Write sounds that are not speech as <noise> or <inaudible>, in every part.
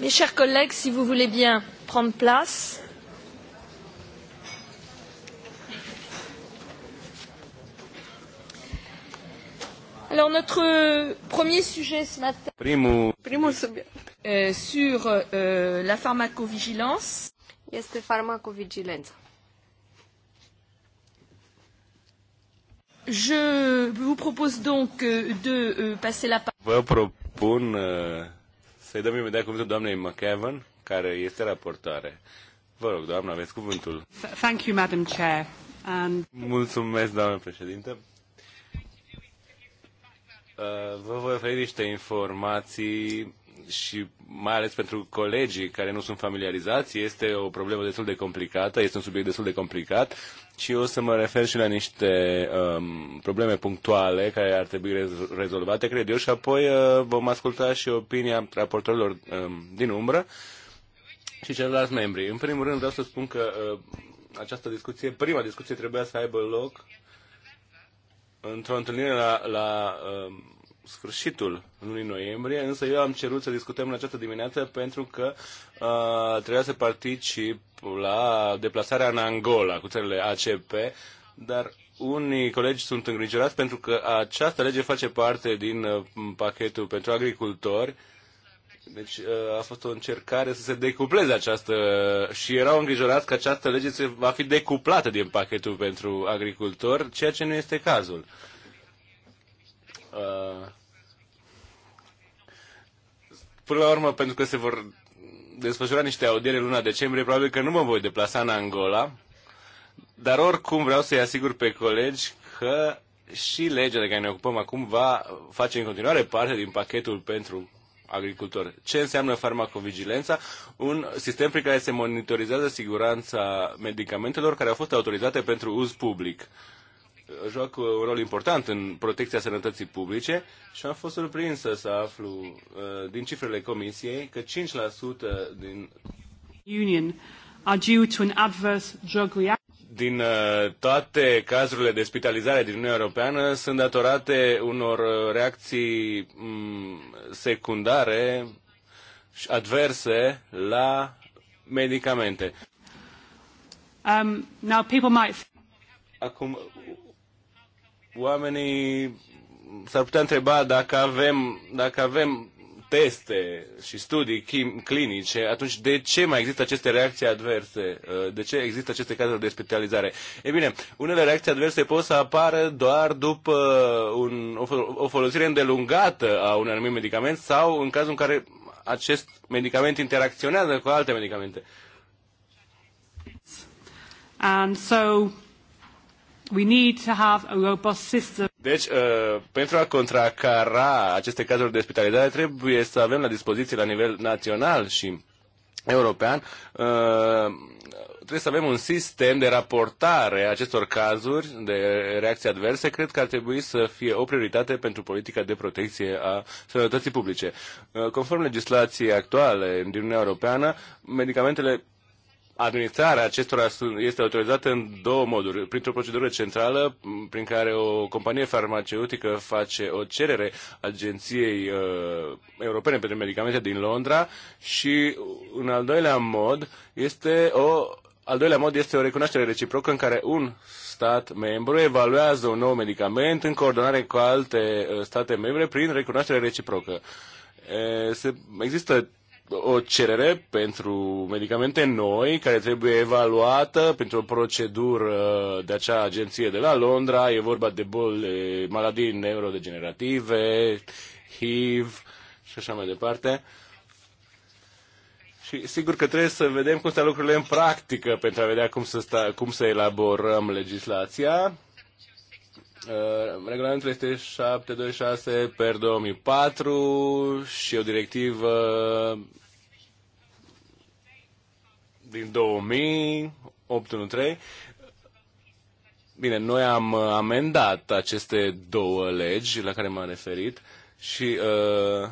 Mes chers collègues, si vous voulez bien prendre place. Alors notre premier sujet ce matin, primul, primul subiect euh, sur euh, la pharmacovigilance. Este farmacovigilența. Je vous propose donc euh, de euh, passer la parole. Vă propun să-i dăm imediat cuvântul doamnei McEvan, care este raportoare. Vă rog, doamnă, aveți cuvântul. Thank you, Madam Chair. And... Mulțumesc, doamnă președintă. Uh, vă voi oferi niște informații și mai ales pentru colegii care nu sunt familiarizați, este o problemă destul de complicată, este un subiect destul de complicat și eu o să mă refer și la niște um, probleme punctuale care ar trebui rezolvate, cred eu, și apoi uh, vom asculta și opinia raportorilor um, din umbră și celorlalți membri. În primul rând vreau să spun că uh, această discuție, prima discuție trebuia să aibă loc într-o întâlnire la, la uh, sfârșitul lunii noiembrie, însă eu am cerut să discutăm în această dimineață pentru că uh, trebuia să particip la deplasarea în Angola cu țările ACP, dar unii colegi sunt îngrijorați pentru că această lege face parte din uh, pachetul pentru agricultori. Deci uh, a fost o încercare să se decupleze această și erau îngrijorați că această lege se va fi decuplată din pachetul pentru agricultori, ceea ce nu este cazul. Uh, Uh, până la urmă, pentru că se vor desfășura niște audiere luna decembrie, probabil că nu mă voi deplasa în Angola, dar oricum vreau să-i asigur pe colegi că și legea de care ne ocupăm acum va face în continuare parte din pachetul pentru agricultori. Ce înseamnă farmacovigilența? Un sistem prin care se monitorizează siguranța medicamentelor care au fost autorizate pentru uz public joacă un rol important în protecția sănătății publice și am fost surprinsă să aflu uh, din cifrele comisiei că 5% din Union are due to an adverse drug reaction. Din uh, toate cazurile de spitalizare din Uniunea Europeană sunt datorate unor uh, reacții mm, secundare și adverse la medicamente. Um, now people might... Acum, oamenii s-ar putea întreba dacă avem, dacă avem teste și studii clinice, atunci de ce mai există aceste reacții adverse? Uh, de ce există aceste cazuri de specializare? E bine, unele reacții adverse pot să apară doar după uh, un, o folosire îndelungată a unui anumit medicament sau în cazul în care acest medicament interacționează cu alte medicamente. And so We need to have a robust system. Deci, uh, pentru a contracara aceste cazuri de spitalizare, trebuie să avem la dispoziție la nivel național și european, uh, trebuie să avem un sistem de raportare a acestor cazuri de reacții adverse. Cred că ar trebui să fie o prioritate pentru politica de protecție a sănătății publice. Uh, conform legislației actuale din Uniunea Europeană, medicamentele Administrarea acestora este autorizată în două moduri. Printr-o procedură centrală, prin care o companie farmaceutică face o cerere Agenției uh, Europene pentru Medicamente din Londra și, uh, în al doilea mod, este o, al doilea mod este o recunoaștere reciprocă în care un stat membru evaluează un nou medicament în coordonare cu alte uh, state membre prin recunoaștere reciprocă. E, se, există o cerere pentru medicamente noi care trebuie evaluată pentru o procedură de acea agenție de la Londra. E vorba de boli, maladii neurodegenerative, HIV și așa mai departe. Și sigur că trebuie să vedem cum stau lucrurile în practică pentru a vedea cum să, sta, cum să elaborăm legislația Uh, regulamentul este 726 per 2004 și o directivă din 2000, Bine, noi am amendat aceste două legi la care m-am referit și uh,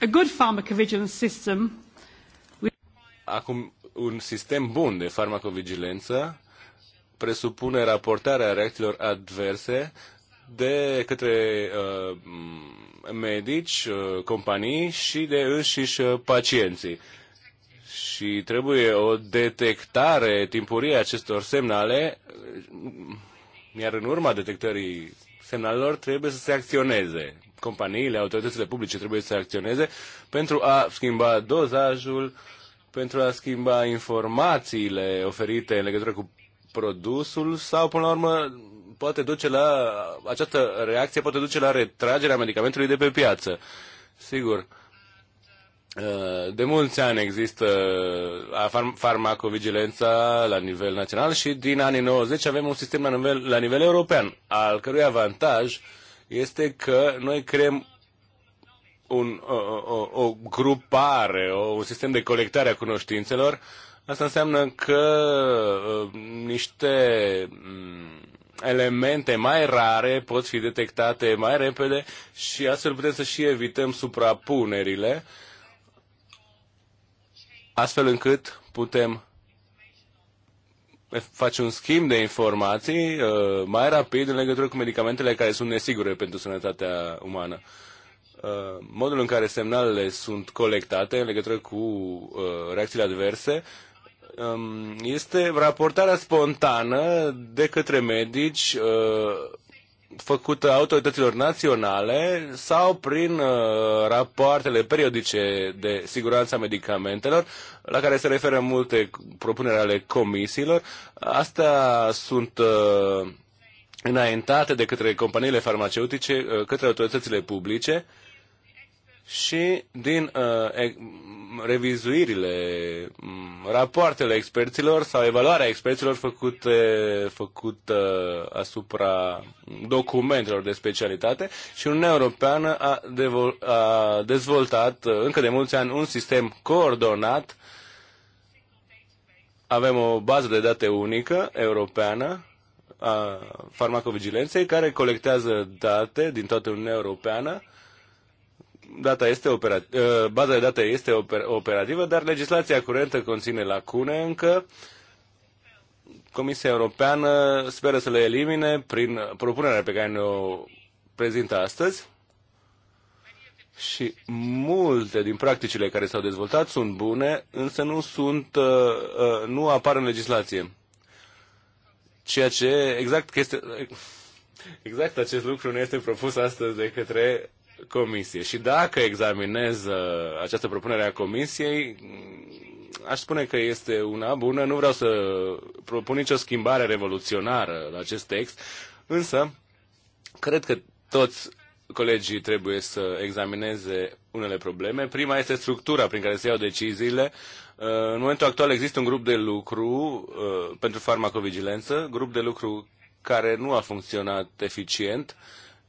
A good pharmacovigilance system Acum un sistem bun de farmacovigilență presupune raportarea reacțiilor adverse de către uh, medici, uh, companii și de înșiși uh, pacienții. Și trebuie o detectare timpurie a acestor semnale, iar în urma detectării semnalelor trebuie să se acționeze. Companiile, autoritățile publice trebuie să se acționeze pentru a schimba dozajul, pentru a schimba informațiile oferite în legătură cu produsul sau, până la urmă, poate duce la, această reacție poate duce la retragerea medicamentului de pe piață. Sigur, uh, de mulți ani există uh, farmacovigilența la nivel național și din anii 90 avem un sistem la nivel, la nivel european, al cărui avantaj este că noi creăm un, o, o, o grupare, o, un sistem de colectare a cunoștințelor uh, Asta înseamnă că uh, niște mm, elemente mai rare pot fi detectate mai repede și astfel putem să și evităm suprapunerile, astfel încât putem face un schimb de informații uh, mai rapid în legătură cu medicamentele care sunt nesigure pentru sănătatea umană uh, modul în care semnalele sunt colectate în legătură cu uh, reacțiile adverse este raportarea spontană de către medici uh, făcută autorităților naționale sau prin uh, rapoartele periodice de siguranță a medicamentelor, la care se referă multe propuneri ale comisiilor. Astea sunt uh, înaintate de către companiile farmaceutice, către autoritățile publice și din uh, revizuirile, mm, rapoartele experților sau evaluarea experților făcute, făcută asupra documentelor de specialitate și Uniunea Europeană a, a dezvoltat uh, încă de mulți ani un sistem coordonat. Avem o bază de date unică europeană a farmacovigilenței care colectează date din toată Uniunea Europeană data este opera, uh, baza de date este oper, operativă, dar legislația curentă conține lacune încă. Comisia Europeană speră să le elimine prin propunerea pe care ne-o prezintă astăzi. Și multe din practicile care s-au dezvoltat sunt bune, însă nu, sunt, uh, uh, nu apar în legislație. Ceea ce exact, este, exact acest lucru nu este propus astăzi de către comisie. Și dacă examinez uh, această propunere a comisiei, mm, aș spune că este una bună. Nu vreau să propun nicio schimbare revoluționară la acest text, însă cred că toți colegii trebuie să examineze unele probleme. Prima este structura prin care se iau deciziile. Uh, în momentul actual există un grup de lucru uh, pentru farmacovigilență, grup de lucru care nu a funcționat eficient.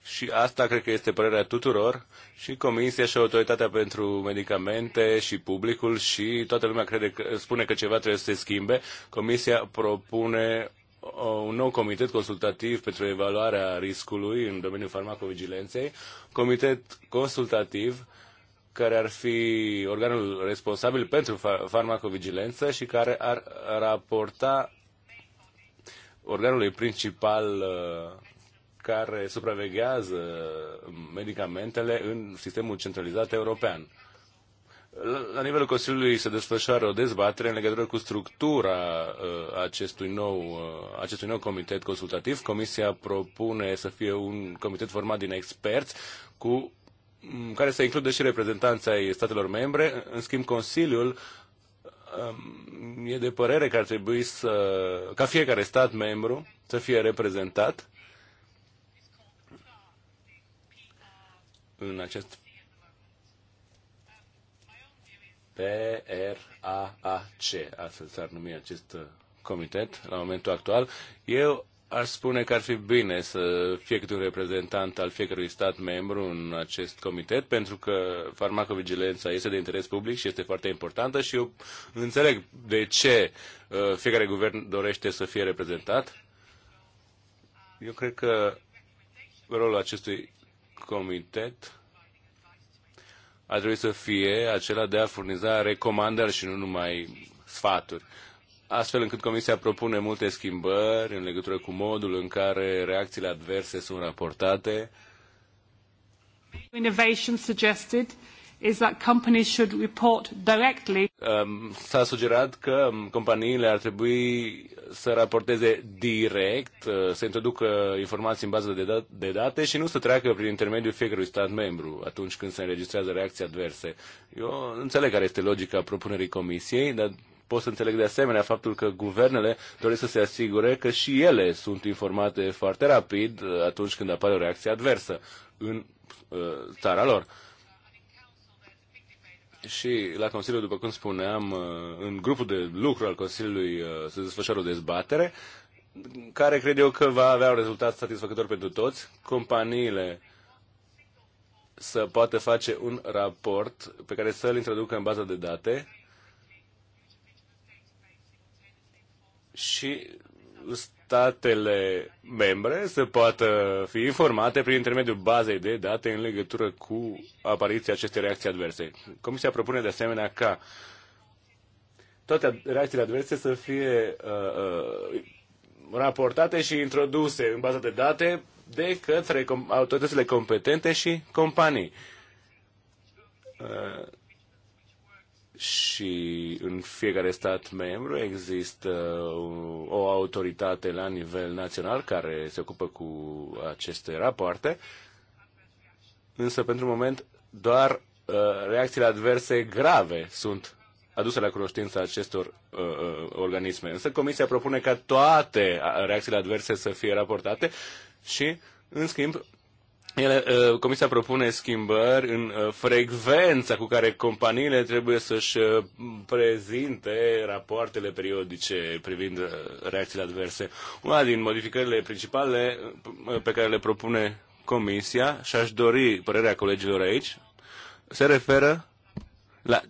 Și asta cred că este părerea tuturor și Comisia și Autoritatea pentru Medicamente și publicul și toată lumea crede că, spune că ceva trebuie să se schimbe. Comisia propune uh, un nou comitet consultativ pentru evaluarea riscului în domeniul farmacovigilenței, comitet consultativ care ar fi organul responsabil pentru farmacovigilență și care ar raporta organului principal uh, care supraveghează medicamentele în sistemul centralizat european. La nivelul Consiliului se desfășoară o dezbatere în legătură cu structura uh, acestui nou, uh, acestui nou comitet consultativ. Comisia propune să fie un comitet format din experți cu, mm, care să includă și reprezentanța ai statelor membre. În schimb, Consiliul um, e de părere că ar trebui să, ca fiecare stat membru să fie reprezentat în acest PRAAC, astfel s-ar numi acest uh, comitet la momentul actual. Eu aș spune că ar fi bine să fie câte un reprezentant al fiecărui stat membru în acest comitet, pentru că farmacovigilența este de interes public și este foarte importantă și eu înțeleg de ce uh, fiecare guvern dorește să fie reprezentat. Eu cred că rolul acestui comitet ar trebui să fie acela de a furniza recomandări și nu numai sfaturi. Astfel încât Comisia propune multe schimbări în legătură cu modul în care reacțiile adverse sunt raportate. Innovation suggested is that companies should report directly. Um, s-a sugerat că companiile ar trebui să raporteze direct, uh, să introducă informații în bază de, dat- de date și nu să treacă prin intermediul fiecărui stat membru atunci când se înregistrează reacții adverse. Eu înțeleg care este logica propunerii comisiei, dar pot să înțeleg de asemenea faptul că guvernele doresc să se asigure că și ele sunt informate foarte rapid uh, atunci când apare o reacție adversă în uh, țara lor și la Consiliu, după cum spuneam, uh, în grupul de lucru al Consiliului uh, se desfășoară o dezbatere care cred eu că va avea un rezultat satisfăcător pentru toți. Companiile să poată face un raport pe care să-l introducă în baza de date și statele membre să poată fi informate prin intermediul bazei de date în legătură cu apariția acestei reacții adverse. Comisia propune de asemenea ca toate reacțiile adverse să fie uh, uh, raportate și introduse în baza de date de către autoritățile competente și companii. Uh, și în fiecare stat membru există o autoritate la nivel național care se ocupă cu aceste rapoarte, însă pentru moment doar uh, reacțiile adverse grave sunt aduse la cunoștința acestor uh, uh organisme. Însă Comisia propune ca toate uh, reacțiile adverse să fie raportate și, în schimb, ele, uh, Comisia propune schimbări în uh, frecvența cu care companiile trebuie să-și uh, prezinte rapoartele periodice privind reacțiile adverse. Una din modificările principale pe care le propune Comisia, și aș dori părerea colegilor aici, se referă la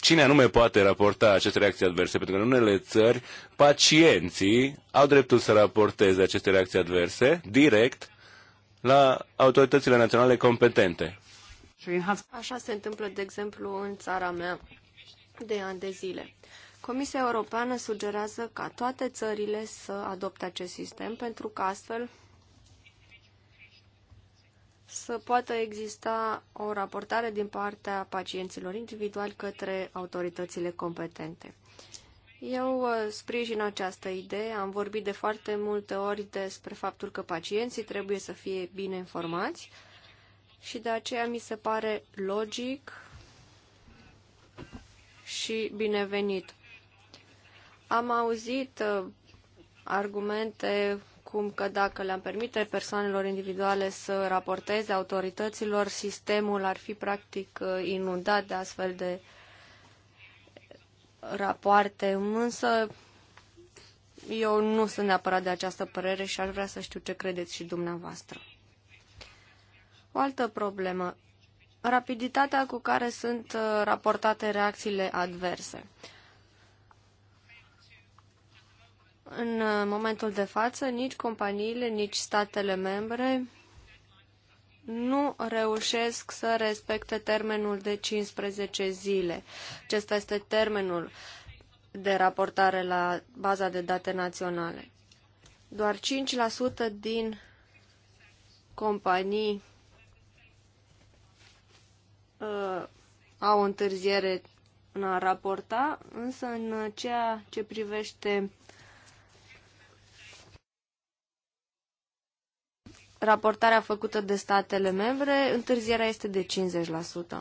cine anume poate raporta aceste reacții adverse, pentru că în unele țări pacienții au dreptul să raporteze aceste reacții adverse direct la autoritățile naționale competente. Așa se întâmplă, de exemplu, în țara mea de ani de zile. Comisia Europeană sugerează ca toate țările să adopte acest sistem pentru că astfel să poată exista o raportare din partea pacienților individuali către autoritățile competente. Eu uh, sprijin această idee, am vorbit de foarte multe ori despre faptul că pacienții trebuie să fie bine informați și de aceea mi se pare logic și binevenit. Am auzit uh, argumente cum că dacă le-am permite persoanelor individuale să raporteze autorităților, sistemul ar fi practic uh, inundat de astfel de uh, rapoarte, însă eu nu sunt neapărat de această părere și aș vrea să știu ce credeți și dumneavoastră. O altă problemă. Rapiditatea cu care sunt uh, raportate reacțiile adverse. În uh, momentul de față, nici companiile, nici statele membre nu reușesc să respecte termenul de 15 zile. Acesta este termenul de raportare la baza de date naționale. Doar 5% din companii uh, au o întârziere în a raporta, însă în ceea ce privește raportarea făcută de statele membre, întârzierea este de 50%.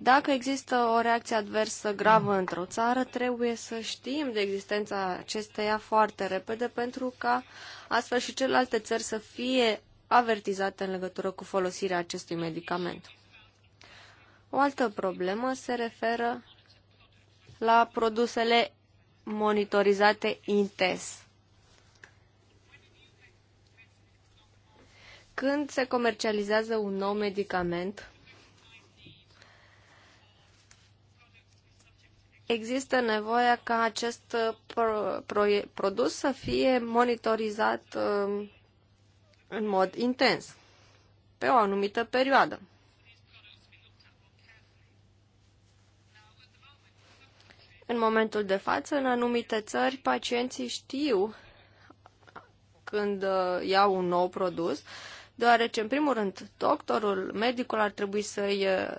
Dacă există o reacție adversă gravă într-o țară, trebuie să știm de existența acesteia foarte repede pentru ca astfel și celelalte țări să fie avertizate în legătură cu folosirea acestui medicament. O altă problemă se referă la produsele monitorizate intens. când se comercializează un nou medicament, există nevoia ca acest uh, pro, produs să fie monitorizat um, în mod intens, pe o anumită perioadă. În momentul de față, în anumite țări, pacienții știu când uh, iau un nou produs, uh, deoarece, în primul rând, doctorul, medicul ar trebui să-i uh,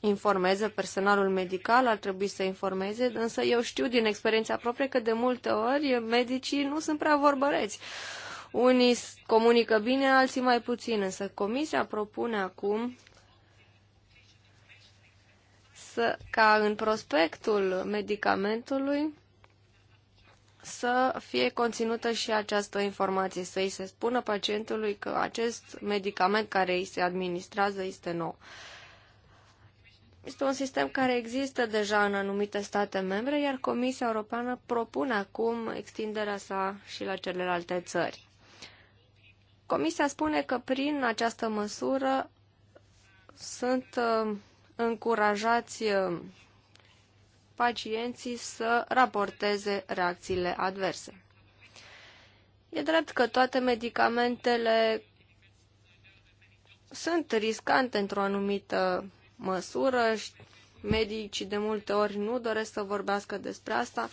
informeze, personalul medical ar trebui să informeze, însă eu știu din experiența proprie că de multe ori medicii nu sunt prea vorbăreți. Unii comunică bine, alții mai puțin, însă comisia propune acum să, ca în prospectul medicamentului să fie conținută și această informație, să îi se spună pacientului că acest medicament care îi se administrează este nou. Este un sistem care există deja în anumite state membre, iar Comisia Europeană propune acum extinderea sa și la celelalte țări. Comisia spune că prin această măsură sunt uh, încurajați uh, pacienții să raporteze reacțiile adverse. E drept că toate medicamentele sunt riscante într-o anumită măsură, și medicii de multe ori nu doresc să vorbească despre asta,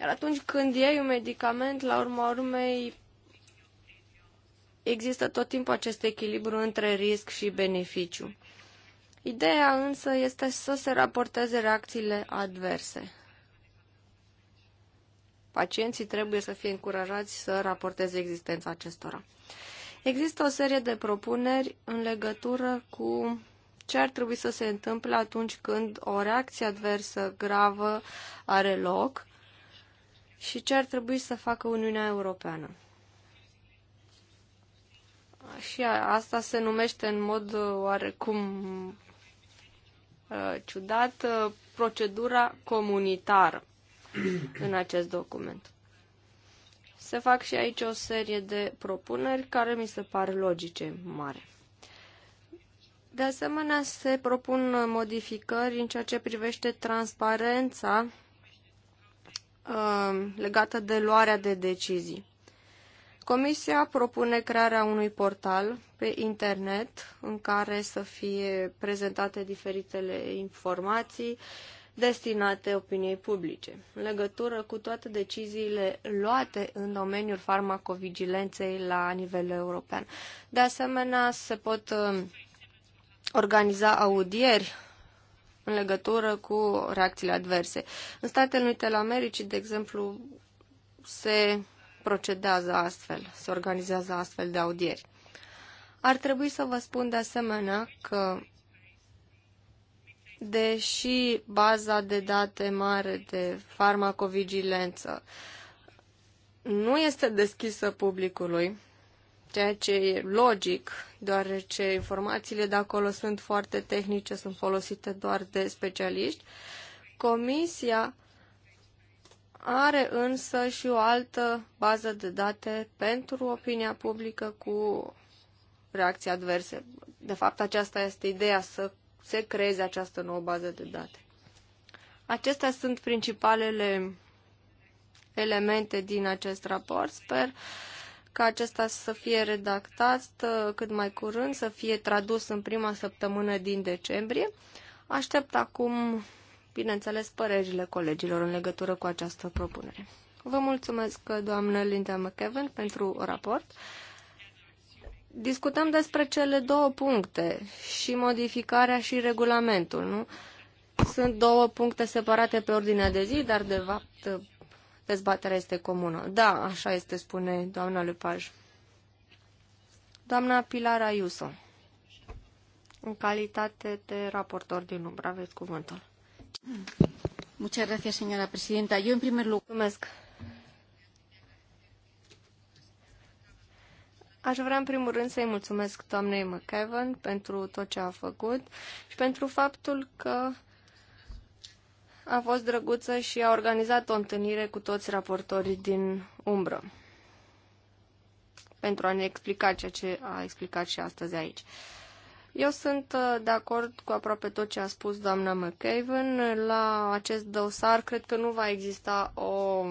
iar atunci când iei un medicament, la urma urmei există tot timpul acest echilibru între risc și beneficiu. Ideea însă este să se raporteze reacțiile adverse. Pacienții trebuie să fie încurajați să raporteze existența acestora. Există o serie de propuneri în legătură cu ce ar trebui să se întâmple atunci când o reacție adversă gravă are loc și ce ar trebui să facă Uniunea Europeană. Și asta se numește în mod oarecum Uh, ciudat uh, procedura comunitară <clears throat> în acest document. Se fac și aici o serie de propuneri care mi se par logice mare. De asemenea, se propun modificări în ceea ce privește transparența uh, legată de luarea de decizii. Comisia propune crearea unui portal pe internet în care să fie prezentate diferitele informații destinate opiniei publice, în legătură cu toate deciziile luate în domeniul farmacovigilenței la nivel european. De asemenea, se pot uh, organiza audieri în legătură cu reacțiile adverse. În Statele Unite ale Americii, de exemplu, se procedează astfel, se organizează astfel de audieri. Ar trebui să vă spun de asemenea că deși baza de date mare de farmacovigilență nu este deschisă publicului, ceea ce e logic, deoarece informațiile de acolo sunt foarte tehnice, sunt folosite doar de specialiști, Comisia are însă și o altă bază de date pentru opinia publică cu reacții adverse. De fapt, aceasta este ideea, să se creeze această nouă bază de date. Acestea sunt principalele elemente din acest raport. Sper ca acesta să fie redactat ă, cât mai curând, să fie tradus în prima săptămână din decembrie. Aștept acum bineînțeles, părerile colegilor în legătură cu această propunere. Vă mulțumesc, doamnă Linda McKevin, pentru raport. Discutăm despre cele două puncte, și modificarea și regulamentul, nu? Sunt două puncte separate pe ordinea de zi, dar de fapt dezbaterea este comună. Da, așa este, spune doamna Lepaj. Doamna Pilar Ayuso, în calitate de raportor din umbră, aveți cuvântul. Muchas gracias, señora presidenta. Eu, în primer lugar... Mulțumesc. Aș vrea în primul rând să-i mulțumesc doamnei McEvan pentru tot ce a făcut și pentru faptul că a fost drăguță și a organizat o întâlnire cu toți raportorii din umbră pentru a ne explica ceea ce a explicat și astăzi aici. Eu sunt uh, de acord cu aproape tot ce a spus doamna McCaven. La acest dosar cred că nu va exista o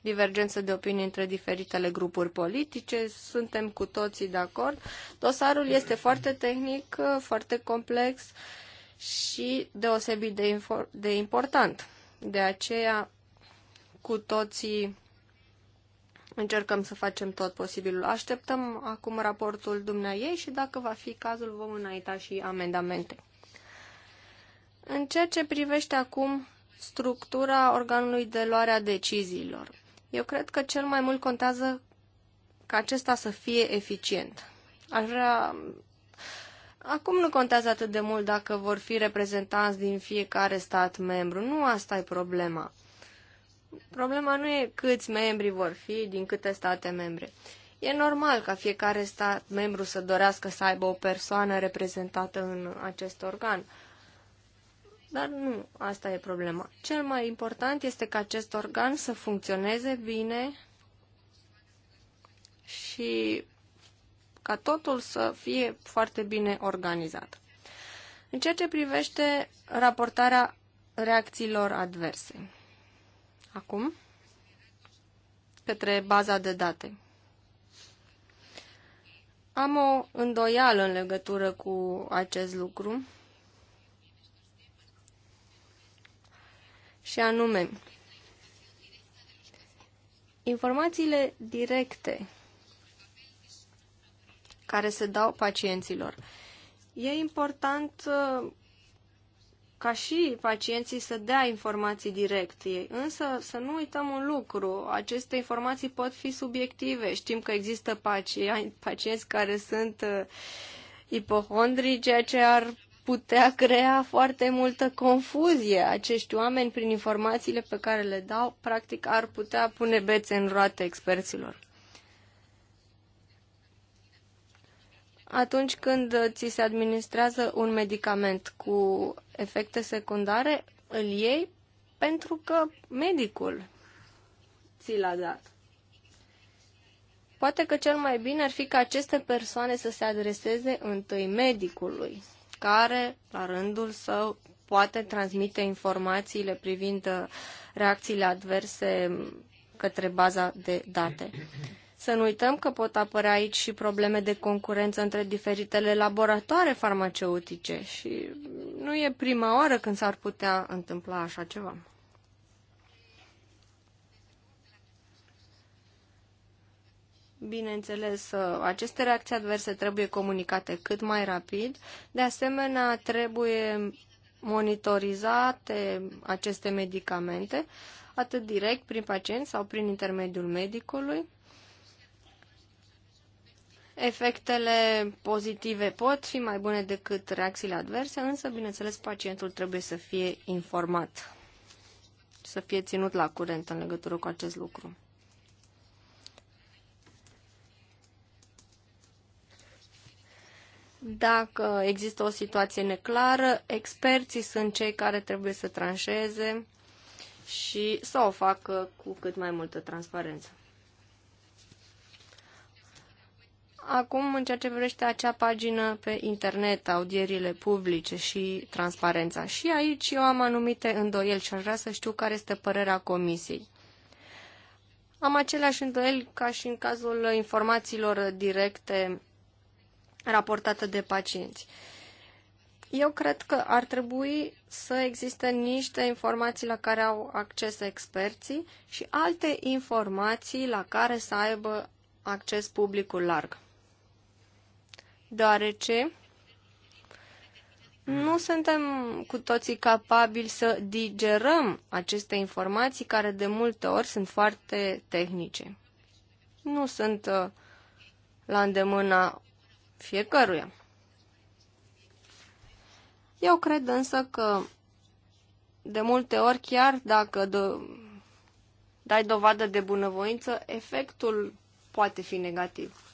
divergență de opinie între diferitele grupuri politice, suntem cu toții de acord. Dosarul este foarte tehnic, uh, foarte complex și deosebit de, de important. De aceea, cu toții Încercăm să facem tot posibilul. Așteptăm acum raportul dumneai și dacă va fi cazul vom înainta și amendamente. În ceea ce privește acum structura organului de luare a deciziilor, eu cred că cel mai mult contează ca acesta să fie eficient. Aș vrea... Acum nu contează atât de mult dacă vor fi reprezentanți din fiecare stat membru. Nu asta e problema. Problema nu e câți membri vor fi din câte state membre. E normal ca fiecare stat membru să dorească să aibă o persoană reprezentată în acest organ. Dar nu, asta e problema. Cel mai important este ca acest organ să funcționeze bine și ca totul să fie foarte bine organizat. În ceea ce privește raportarea reacțiilor adverse acum către baza de date. Am o îndoială în legătură cu acest lucru și anume informațiile directe care se dau pacienților. E important uh, ca și pacienții să dea informații direct ei. Însă să nu uităm un lucru, aceste informații pot fi subiective. Știm că există pacienți, care sunt uh, ipohondri, ceea ce ar putea crea foarte multă confuzie. Acești oameni, prin informațiile pe care le dau, practic ar putea pune bețe în roate experților. Atunci când ți se administrează un medicament cu efecte secundare, îl iei pentru că medicul ți l-a dat. Poate că cel mai bine ar fi ca aceste persoane să se adreseze întâi medicului, care, la rândul său, poate transmite informațiile privind uh, reacțiile adverse către baza de date. Să nu uităm că pot apărea aici și probleme de concurență între diferitele laboratoare farmaceutice și nu e prima oară când s-ar putea întâmpla așa ceva. Bineînțeles, aceste reacții adverse trebuie comunicate cât mai rapid. De asemenea, trebuie monitorizate aceste medicamente, atât direct prin pacient sau prin intermediul medicului. Efectele pozitive pot fi mai bune decât reacțiile adverse, însă, bineînțeles, pacientul trebuie să fie informat, să fie ținut la curent în legătură cu acest lucru. Dacă există o situație neclară, experții sunt cei care trebuie să tranșeze și să o facă cu cât mai multă transparență. Acum, în ceea ce vrește acea pagină pe internet, audierile publice și transparența. Și aici eu am anumite îndoieli și aș vrea să știu care este părerea comisiei. Am aceleași îndoieli ca și în cazul informațiilor directe raportate de pacienți. Eu cred că ar trebui să existe niște informații la care au acces experții și alte informații la care să aibă acces publicul larg deoarece nu suntem cu toții capabili să digerăm aceste informații care de multe ori sunt foarte tehnice. Nu sunt uh, la îndemâna fiecăruia. Eu cred însă că de multe ori, chiar dacă do- dai dovadă de bunăvoință, efectul poate fi negativ.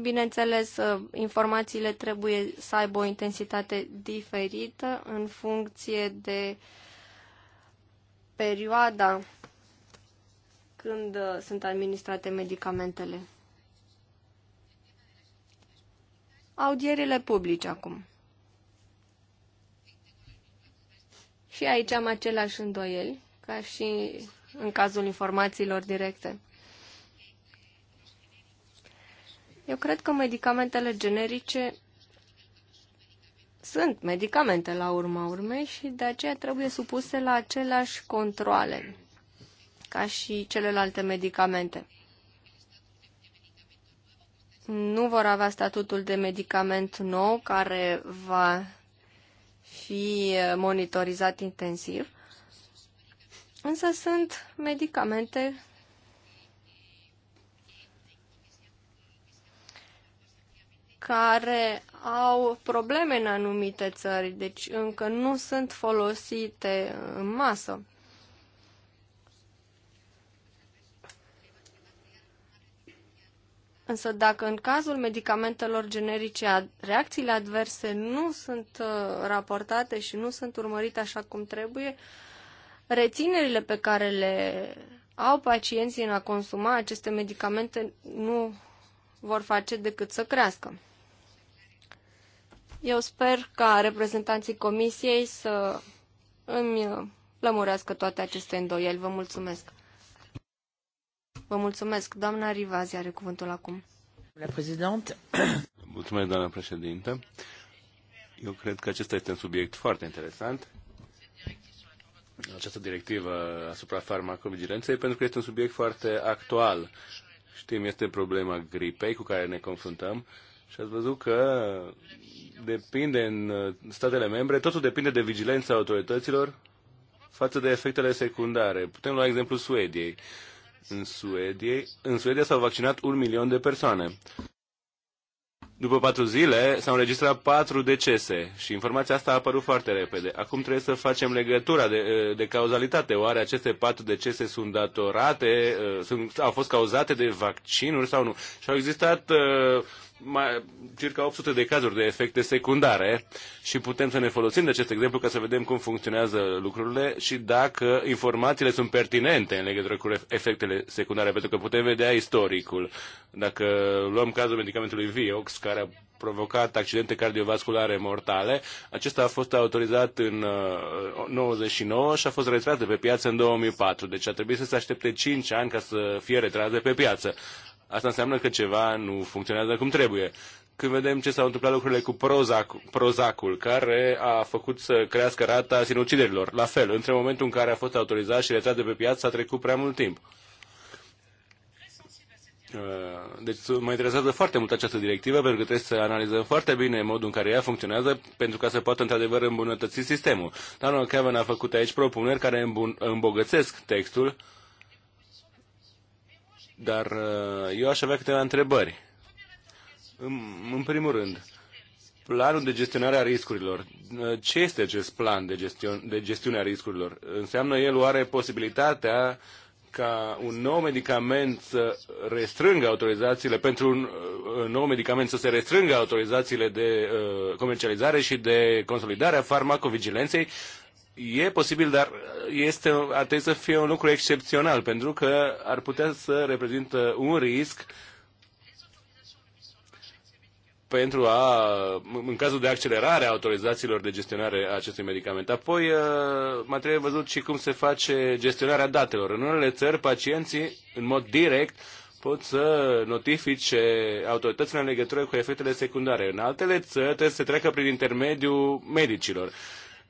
Bineînțeles, uh, informațiile trebuie să aibă o intensitate diferită în funcție de perioada când uh, sunt administrate medicamentele. Audierile publice acum. Și aici am aceleași îndoieli ca și în cazul informațiilor directe. Eu cred că medicamentele generice sunt medicamente la urma urmei și de aceea trebuie supuse la aceleași controle ca și celelalte medicamente. Nu vor avea statutul de medicament nou care va fi monitorizat intensiv, însă sunt medicamente care au probleme în anumite țări, deci încă nu sunt folosite în masă. Însă dacă în cazul medicamentelor generice reacțiile adverse nu sunt uh, raportate și nu sunt urmărite așa cum trebuie, reținerile pe care le au pacienții în a consuma aceste medicamente nu vor face decât să crească. Eu sper ca reprezentanții comisiei să îmi uh, lămurească toate aceste îndoieli. Vă mulțumesc. Vă mulțumesc. Doamna Rivazi are cuvântul acum. Mulțumesc, doamna președintă. Eu cred că acesta este un subiect foarte interesant. Această directivă asupra farmacovigilenței, pentru că este un subiect foarte actual. Știm, este problema gripei cu care ne confruntăm și ați văzut că depinde în uh, statele membre, totul depinde de vigilența autorităților față de efectele secundare. Putem lua exemplu Suediei. În, Suedie, în Suedia s-au vaccinat un milion de persoane. După patru zile s-au înregistrat patru decese și informația asta a apărut foarte repede. Acum trebuie să facem legătura de, uh, de cauzalitate. Oare aceste patru decese sunt datorate, uh, sunt, au fost cauzate de vaccinuri sau nu? Și au existat uh, mai, circa 800 de cazuri de efecte secundare și putem să ne folosim de acest exemplu ca să vedem cum funcționează lucrurile și dacă informațiile sunt pertinente în legătură cu efectele secundare, pentru că putem vedea istoricul. Dacă luăm cazul medicamentului Viox, care a provocat accidente cardiovasculare mortale, acesta a fost autorizat în 99 uh, și a fost retras de pe piață în 2004, deci a trebuit să se aștepte 5 ani ca să fie retras de pe piață. Asta înseamnă că ceva nu funcționează cum trebuie. Când vedem ce s-au întâmplat lucrurile cu Prozac, Prozacul, care a făcut să crească rata sinuciderilor. La fel, între momentul în care a fost autorizat și retrat de pe piață a trecut prea mult timp. Uh, deci mă interesează foarte mult această directivă pentru că trebuie să analizăm foarte bine modul în care ea funcționează pentru ca să poată într-adevăr îmbunătăți sistemul. Dar Kevin a făcut aici propuneri care îmbun- îmbogățesc textul dar uh, eu aș avea câteva întrebări. În, în primul rând, planul de gestionare a riscurilor. Uh, ce este acest plan de, gestion, de gestiune a riscurilor? Înseamnă el oare posibilitatea ca un nou medicament să restrângă autorizațiile, pentru un, un uh, nou medicament să se restrângă autorizațiile de uh, comercializare și de consolidare a farmacovigilenței E posibil, dar este, ar trebui să fie un lucru excepțional, pentru că ar putea să reprezintă un risc pentru a, în cazul de accelerare a autorizațiilor de gestionare a acestui medicament. Apoi, uh, mai trebuie văzut și cum se face gestionarea datelor. În unele țări, pacienții, în mod direct, pot să notifice autoritățile în legătură cu efectele secundare. În altele țări trebuie să se treacă prin intermediul medicilor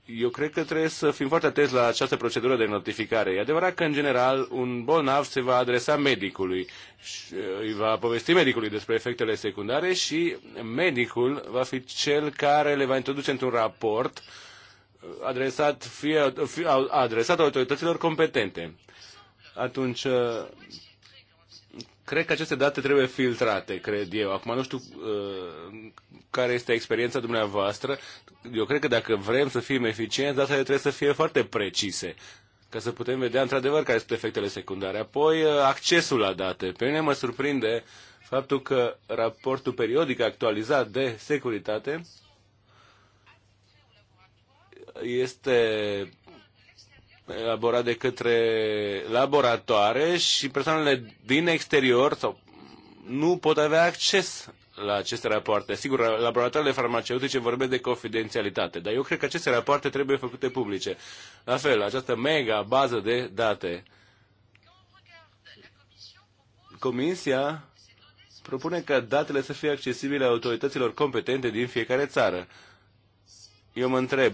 eu cred că trebuie să fim foarte atenți la această procedură de notificare. E adevărat că, în general, un bolnav se va adresa medicului și uh, îi va povesti medicului despre efectele secundare și medicul va fi cel care le va introduce într-un raport uh, adresat, fie, fie adresat autorităților competente. Atunci, uh, Cred că aceste date trebuie filtrate, cred eu. Acum nu știu uh, care este experiența dumneavoastră. Eu cred că dacă vrem să fim eficienți, datele trebuie să fie foarte precise ca să putem vedea într-adevăr care sunt efectele secundare. Apoi, uh, accesul la date. Pe mine mă surprinde faptul că raportul periodic actualizat de securitate este elaborat de către laboratoare și persoanele din exterior sau nu pot avea acces la aceste rapoarte. Sigur, laboratoarele farmaceutice vorbesc de confidențialitate, dar eu cred că aceste rapoarte trebuie făcute publice. La fel, această mega bază de date. Comisia propune ca datele să fie accesibile autorităților competente din fiecare țară. Eu mă întreb,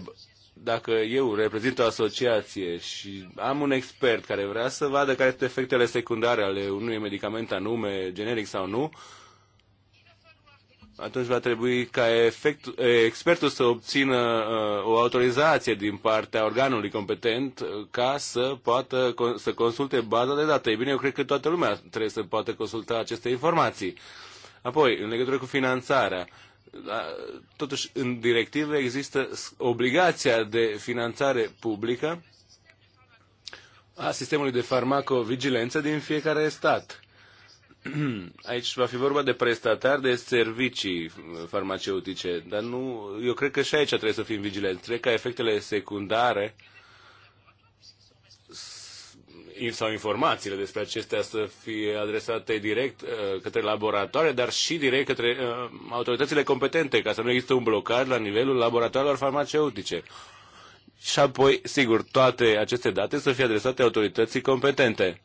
dacă eu reprezint o asociație și am un expert care vrea să vadă care sunt efectele secundare ale unui medicament anume, generic sau nu, atunci va trebui ca efect, expertul să obțină uh, o autorizație din partea organului competent ca să poată con, să consulte baza de date. E bine, eu cred că toată lumea trebuie să poată consulta aceste informații. Apoi, în legătură cu finanțarea, uh, da, totuși în directivă există obligația de finanțare publică a sistemului de farmacovigilență din fiecare stat. <clears throat> Aici va fi vorba de prestatari de servicii farmaceutice, dar nu, eu cred că și aici trebuie să fim vigilenți. Cred că efectele secundare uh, sau informațiile despre acestea să fie adresate direct uh, către laboratoare, dar și direct către uh, autoritățile competente, ca să nu există un blocaj la nivelul laboratoarelor farmaceutice. Și apoi, sigur, toate aceste date să fie adresate autorității competente.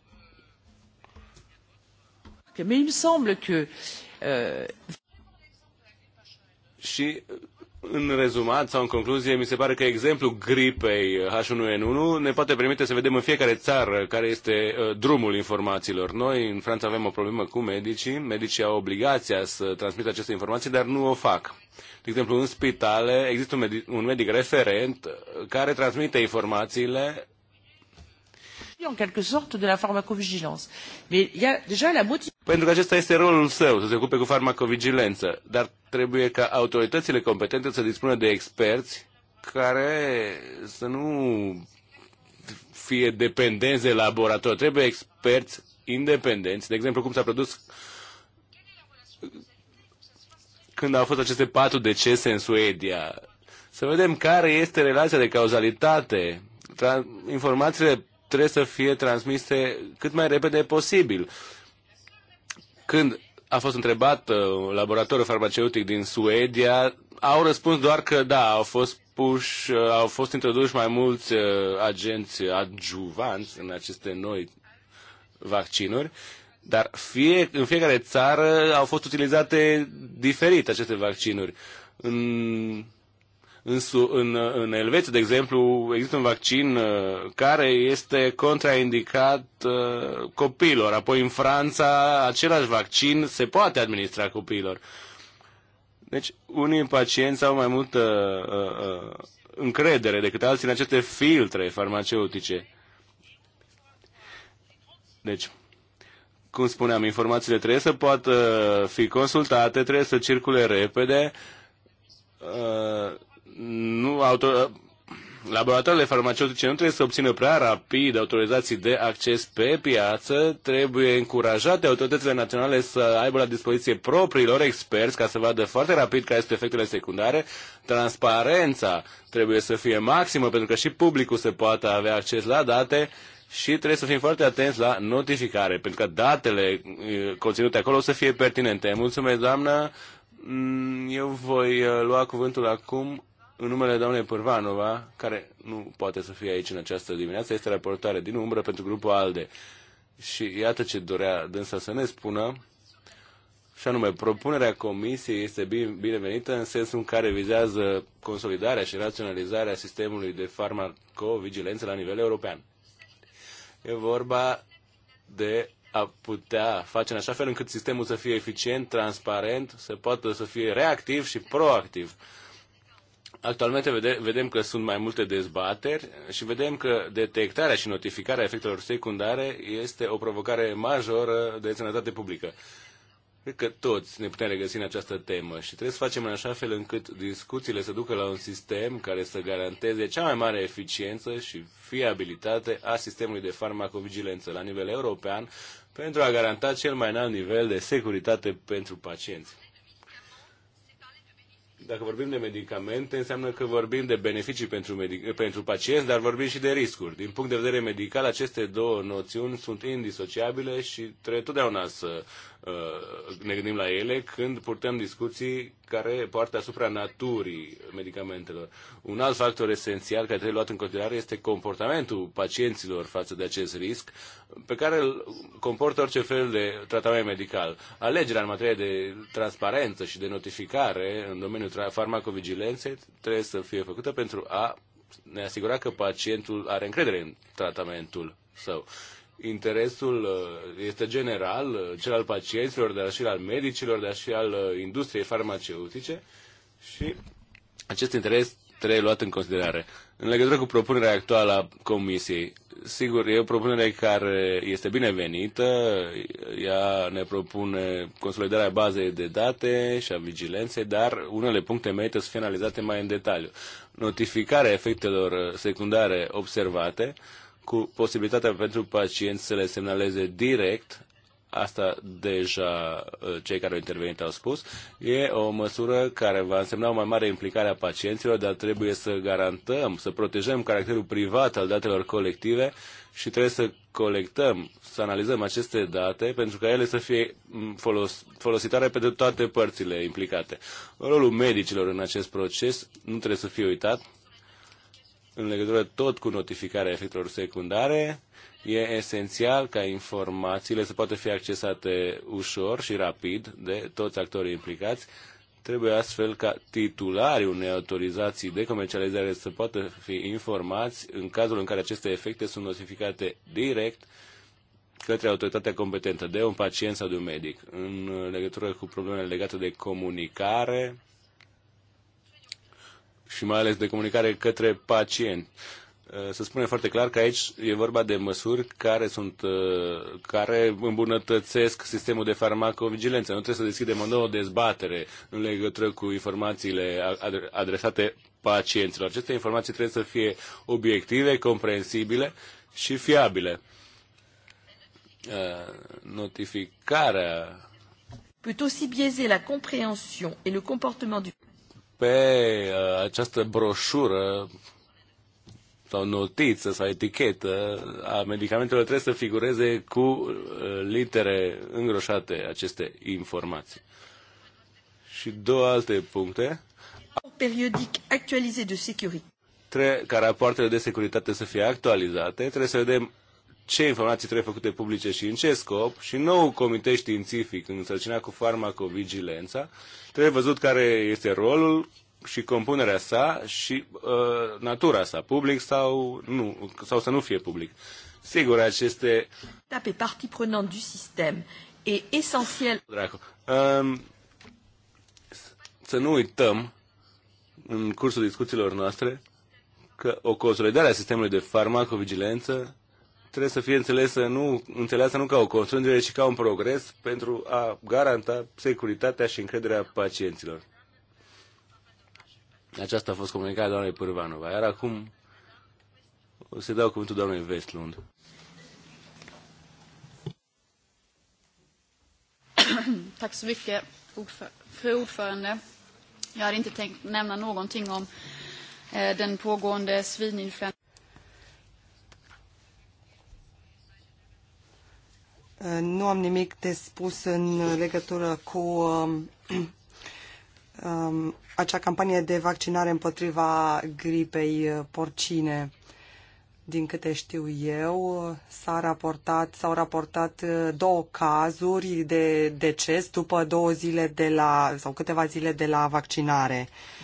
Mais il me semble que, euh... Și în rezumat sau în concluzie, mi se pare că exemplul gripei H1N1 ne poate permite să vedem în fiecare țară care este uh, drumul informațiilor. Noi în Franța avem o problemă cu medicii, medicii au obligația să transmită aceste informații, dar nu o fac. De exemplu, în spitale există un medic, un medic referent uh, care transmite informațiile en quelque sorte de la pharmacovigilance. Mais il y a déjà la motivation. Pentru că acesta este rolul său, să se ocupe cu farmacovigilență, dar trebuie ca autoritățile competente să dispună de experți care să nu fie dependenți de laborator. Trebuie experți independenți, de exemplu cum s-a produs când au fost aceste patru decese în Suedia. Să vedem care este relația de cauzalitate. Tra- informațiile trebuie să fie transmise cât mai repede posibil când a fost întrebat uh, laboratorul farmaceutic din Suedia, au răspuns doar că da, au fost puși, uh, au fost introduși mai mulți uh, agenți adjuvanți în aceste noi vaccinuri, dar fie, în fiecare țară au fost utilizate diferit aceste vaccinuri. În în, în, în Elveția, de exemplu, există un vaccin uh, care este contraindicat uh, copiilor. Apoi în Franța același vaccin se poate administra copiilor. Deci unii pacienți au mai multă uh, uh, încredere decât alții în aceste filtre farmaceutice. Deci, cum spuneam, informațiile trebuie să poată fi consultate, trebuie să circule repede. Uh, nu auto, laboratoarele farmaceutice nu trebuie să obțină prea rapid autorizații de acces pe piață, trebuie încurajate autoritățile naționale să aibă la dispoziție propriilor experți ca să vadă foarte rapid care sunt efectele secundare. Transparența trebuie să fie maximă pentru că și publicul se poate avea acces la date și trebuie să fim foarte atenți la notificare, pentru că datele uh, conținute acolo să fie pertinente. Mulțumesc, doamnă! Mm, eu voi uh, lua cuvântul acum în numele doamnei Pârvanova, care nu poate să fie aici în această dimineață, este raportare din umbră pentru grupul ALDE. Și iată ce dorea dânsa să ne spună, și anume, propunerea comisiei este binevenită în sensul în care vizează consolidarea și raționalizarea sistemului de farmacovigilență la nivel european. E vorba de a putea face în așa fel încât sistemul să fie eficient, transparent, să poată să fie reactiv și proactiv Actualmente vede, vedem că sunt mai multe dezbateri și vedem că detectarea și notificarea efectelor secundare este o provocare majoră de sănătate publică. Cred că toți ne putem regăsi în această temă și trebuie să facem în așa fel încât discuțiile să ducă la un sistem care să garanteze cea mai mare eficiență și fiabilitate a sistemului de farmacovigilență la nivel european pentru a garanta cel mai înalt nivel de securitate pentru pacienți dacă vorbim de medicamente, înseamnă că vorbim de beneficii pentru, medic- pentru pacienți, dar vorbim și de riscuri. Din punct de vedere medical, aceste două noțiuni sunt indisociabile și trebuie totdeauna să Uh, ne gândim la ele când purtăm discuții care poartă asupra naturii medicamentelor. Un alt factor esențial care trebuie luat în considerare este comportamentul pacienților față de acest risc, pe care îl comportă orice fel de tratament medical. Alegerea în materie de transparență și de notificare în domeniul farmacovigilenței trebuie să fie făcută pentru a ne asigura că pacientul are încredere în tratamentul său interesul uh, este general, uh, cel al pacienților, dar și al medicilor, dar și al uh, industriei farmaceutice și acest interes trebuie luat în considerare. În legătură cu propunerea actuală a Comisiei, sigur, e o propunere care este binevenită, ea ne propune consolidarea bazei de date și a vigilenței, dar unele puncte merită să fie analizate mai în detaliu. Notificarea efectelor secundare observate, uh, cu posibilitatea pentru pacienți să le semnaleze direct asta deja ă, cei care au intervenit au spus, e o măsură care va însemna o mai mare implicare a pacienților, dar trebuie să garantăm, să protejăm caracterul privat al datelor colective și trebuie să colectăm, să analizăm aceste date pentru ca ele să fie folos, folositare pentru toate părțile implicate. Rolul medicilor în acest proces nu trebuie să fie uitat, în legătură tot cu notificarea efectelor secundare, e esențial ca informațiile să poată fi accesate ușor și rapid de toți actorii implicați. Trebuie astfel ca titularii unei autorizații de comercializare să poată fi informați în cazul în care aceste efecte sunt notificate direct către autoritatea competentă de un pacient sau de un medic. În legătură cu problemele legate de comunicare, și mai ales de comunicare către pacient. Uh, să spunem foarte clar că aici e vorba de măsuri care, sunt, uh, care îmbunătățesc sistemul de farmacovigilență. Nu trebuie să deschidem o nouă dezbatere în legătură cu informațiile adresate pacienților. Aceste informații trebuie să fie obiective, comprensibile și fiabile. Uh, notificarea peut aussi biaiser la compréhension et le comportement du pe uh, această broșură sau notiță sau etichetă a medicamentelor trebuie să figureze cu uh, litere îngroșate aceste informații. Și două alte puncte. Periodic actualizat de securitate. Trebuie ca rapoartele de securitate să fie actualizate. Trebuie să vedem ce informații trebuie făcute publice și în ce scop și nou comitet științific însărcinat cu farmacovigilența trebuie văzut care este rolul și compunerea sa și uh, natura sa, public sau nu, sau să nu fie public. Sigur, aceste... pe partii prenant du sistem e esențial... Dracu. um, să nu uităm în cursul discuțiilor noastre că o consolidare a sistemului de farmacovigilență trebuie să fie înțeleasă nu, înțeleasă nu ca o constrângere, ci ca un progres pentru a garanta securitatea și încrederea pacienților. Aceasta a fost comunicarea doamnei Pârvanova. Iar acum o să dau cuvântul doamnei Vestlund. <coughs> Tack så mycket, fru ordförande. Jag hade inte tänkt nämna någonting om eh, den pågående svininfluensan. Nu am nimic de spus în legătură cu um, <clears throat> um, acea campanie de vaccinare împotriva gripei uh, porcine. Din câte știu eu, s-a raportat, raportat uh, două cazuri de deces după două zile de la, sau câteva zile de la vaccinare. Uh,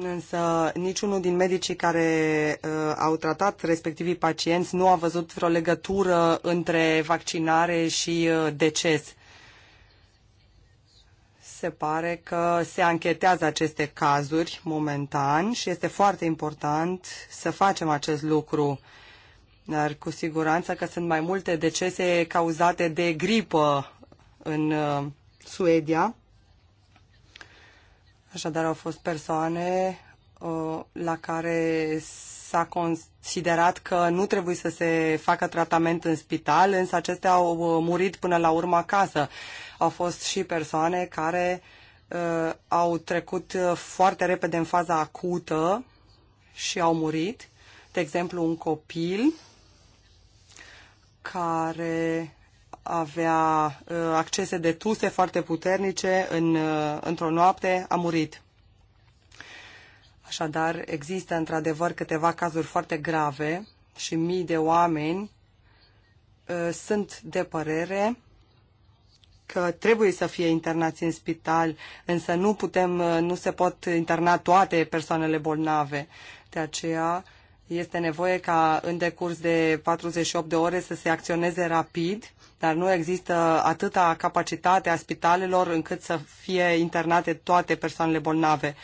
Însă niciunul din medicii care uh, au tratat respectivii pacienți nu a văzut vreo legătură între vaccinare și uh, deces. Se pare că se anchetează aceste cazuri momentan și este foarte important să facem acest lucru. Dar cu siguranță că sunt mai multe decese cauzate de gripă în uh, Suedia Așadar, au fost persoane uh, la care s-a considerat că nu trebuie să se facă tratament în spital, însă acestea au uh, murit până la urmă acasă. Au fost și persoane care uh, au trecut uh, foarte repede în faza acută și au murit. De exemplu, un copil care avea uh, accese de tuse foarte puternice în, uh, într-o noapte, a murit. Așadar, există într-adevăr câteva cazuri foarte grave și mii de oameni uh, sunt de părere că trebuie să fie internați în spital, însă nu putem, nu se pot interna toate persoanele bolnave. De aceea, este nevoie ca în decurs de 48 de ore să se acționeze rapid, dar nu există atâta capacitate a spitalelor încât să fie internate toate persoanele bolnave.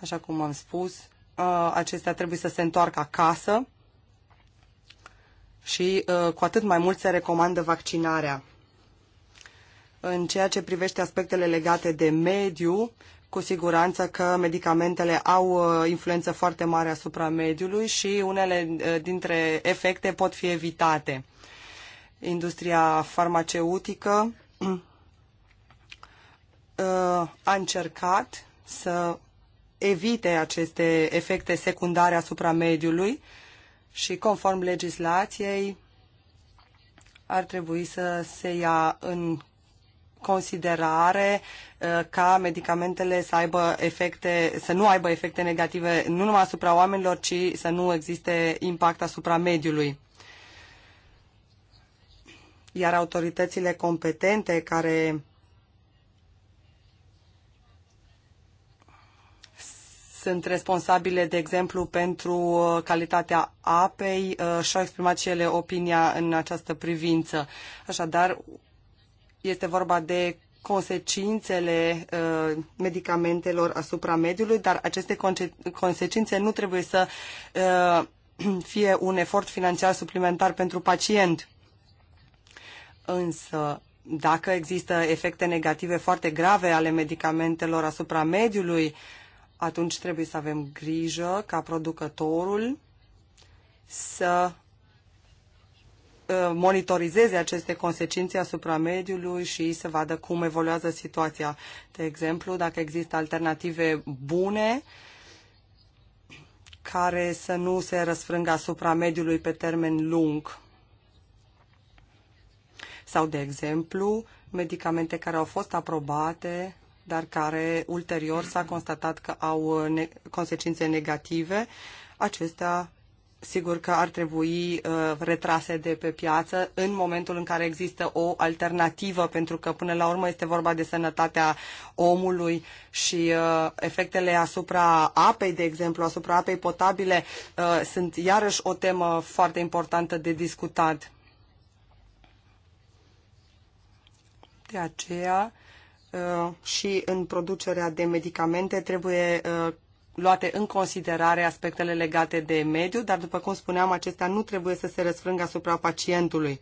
Așa cum am spus, uh, acestea trebuie să se întoarcă acasă și uh, cu atât mai mult se recomandă vaccinarea. În ceea ce privește aspectele legate de mediu, cu siguranță că medicamentele au uh, influență foarte mare asupra mediului și unele uh, dintre efecte pot fi evitate. Industria farmaceutică uh, a încercat să evite aceste efecte secundare asupra mediului și conform legislației ar trebui să se ia în considerare uh, ca medicamentele să aibă efecte, să nu aibă efecte negative nu numai asupra oamenilor, ci să nu existe impact asupra mediului. Iar autoritățile competente care sunt responsabile, de exemplu, pentru uh, calitatea apei uh, și-au exprimat și ele opinia în această privință. Așadar, este vorba de consecințele uh, medicamentelor asupra mediului, dar aceste consecințe nu trebuie să uh, <clears throat> fie un efort financiar suplimentar pentru pacient. Însă, dacă există efecte negative foarte grave ale medicamentelor asupra mediului, atunci trebuie să avem grijă ca producătorul să Uh, monitorizeze aceste consecințe asupra mediului și să vadă cum evoluează situația. De exemplu, dacă există alternative bune care să nu se răsfrângă asupra mediului pe termen lung. Sau, de exemplu, medicamente care au fost aprobate, dar care ulterior s-a constatat că au ne- consecințe negative, acestea sigur că ar trebui uh, retrase de pe piață în momentul în care există o alternativă, pentru că până la urmă este vorba de sănătatea omului și uh, efectele asupra apei, de exemplu, asupra apei potabile, uh, sunt iarăși o temă foarte importantă de discutat. De aceea uh, și în producerea de medicamente trebuie uh, luate în considerare aspectele legate de mediu, dar, după cum spuneam, acestea nu trebuie să se răsfrângă asupra pacientului.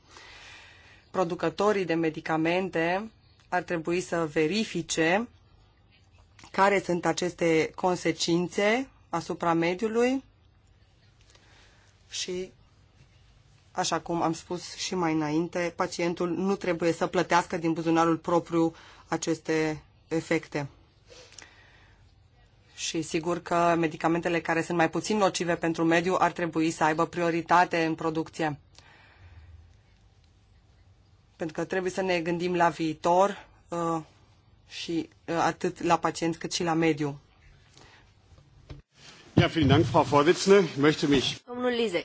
Producătorii de medicamente ar trebui să verifice care sunt aceste consecințe asupra mediului și, așa cum am spus și mai înainte, pacientul nu trebuie să plătească din buzunarul propriu aceste efecte și sigur că medicamentele care sunt mai puțin nocive pentru mediu ar trebui să aibă prioritate în producție. Pentru că trebuie să ne gândim la viitor uh, și uh, atât la pacient cât și la mediu. Ja, vielen Dank, Frau Vorsitzende. möchte mich Domnul Lize.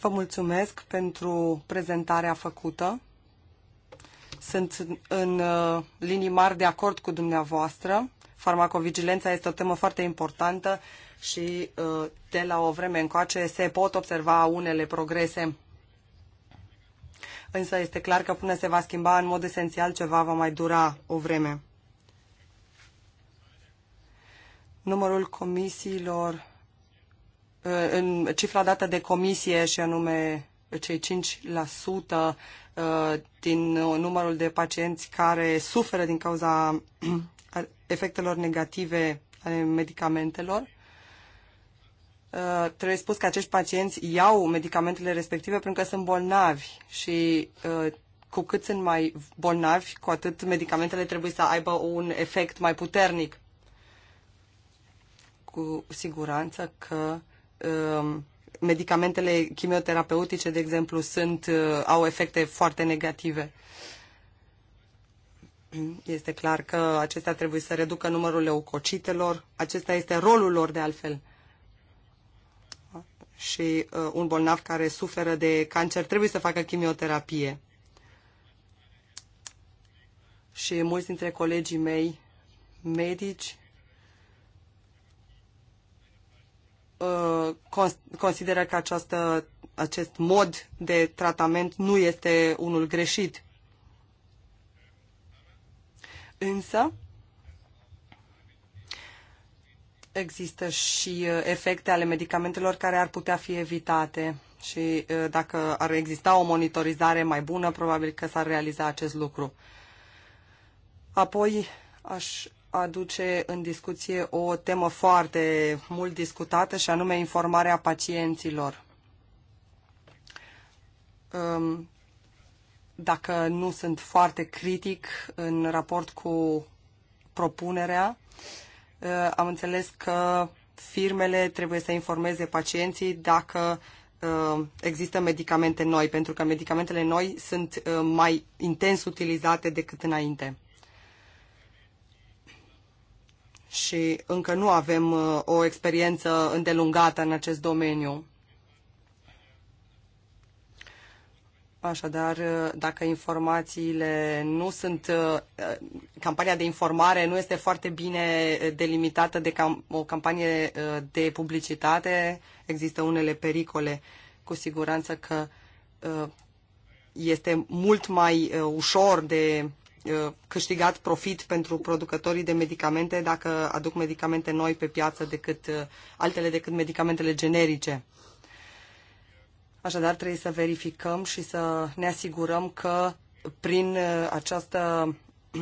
Vă mulțumesc pentru prezentarea făcută. Sunt în uh, linii mari de acord cu dumneavoastră. Farmacovigilența este o temă foarte importantă și uh, de la o vreme încoace se pot observa unele progrese. Însă este clar că până se va schimba în mod esențial ceva va mai dura o vreme. Numărul comisiilor, uh, în cifra dată de comisie și anume cei Uh, din numărul de pacienți care suferă din cauza <clears throat> efectelor negative ale medicamentelor. Uh, trebuie spus că acești pacienți iau medicamentele respective pentru că sunt bolnavi și uh, cu cât sunt mai bolnavi, cu atât medicamentele trebuie să aibă un efect mai puternic. Cu siguranță că um, medicamentele chimioterapeutice, de exemplu, sunt, uh, au efecte foarte negative. Este clar că acestea trebuie să reducă numărul leucocitelor. Acesta este rolul lor, de altfel. Și uh, un bolnav care suferă de cancer trebuie să facă chimioterapie. Și mulți dintre colegii mei medici Uh, consideră că această, acest mod de tratament nu este unul greșit. Însă, există și uh, efecte ale medicamentelor care ar putea fi evitate și uh, dacă ar exista o monitorizare mai bună, probabil că s-ar realiza acest lucru. Apoi, aș aduce în discuție o temă foarte mult discutată și anume informarea pacienților. Um, dacă nu sunt foarte critic în raport cu propunerea, uh, am înțeles că firmele trebuie să informeze pacienții dacă uh, există medicamente noi, pentru că medicamentele noi sunt uh, mai intens utilizate decât înainte și încă nu avem uh, o experiență îndelungată în acest domeniu. Așadar, uh, dacă informațiile nu sunt, uh, campania de informare nu este foarte bine delimitată de cam, o campanie de publicitate, există unele pericole. Cu siguranță că este mult mai ușor de Uh, câștigat profit pentru producătorii de medicamente dacă aduc medicamente noi pe piață decât uh, altele decât medicamentele generice. Așadar, trebuie să verificăm și să ne asigurăm că prin uh, această <clears throat>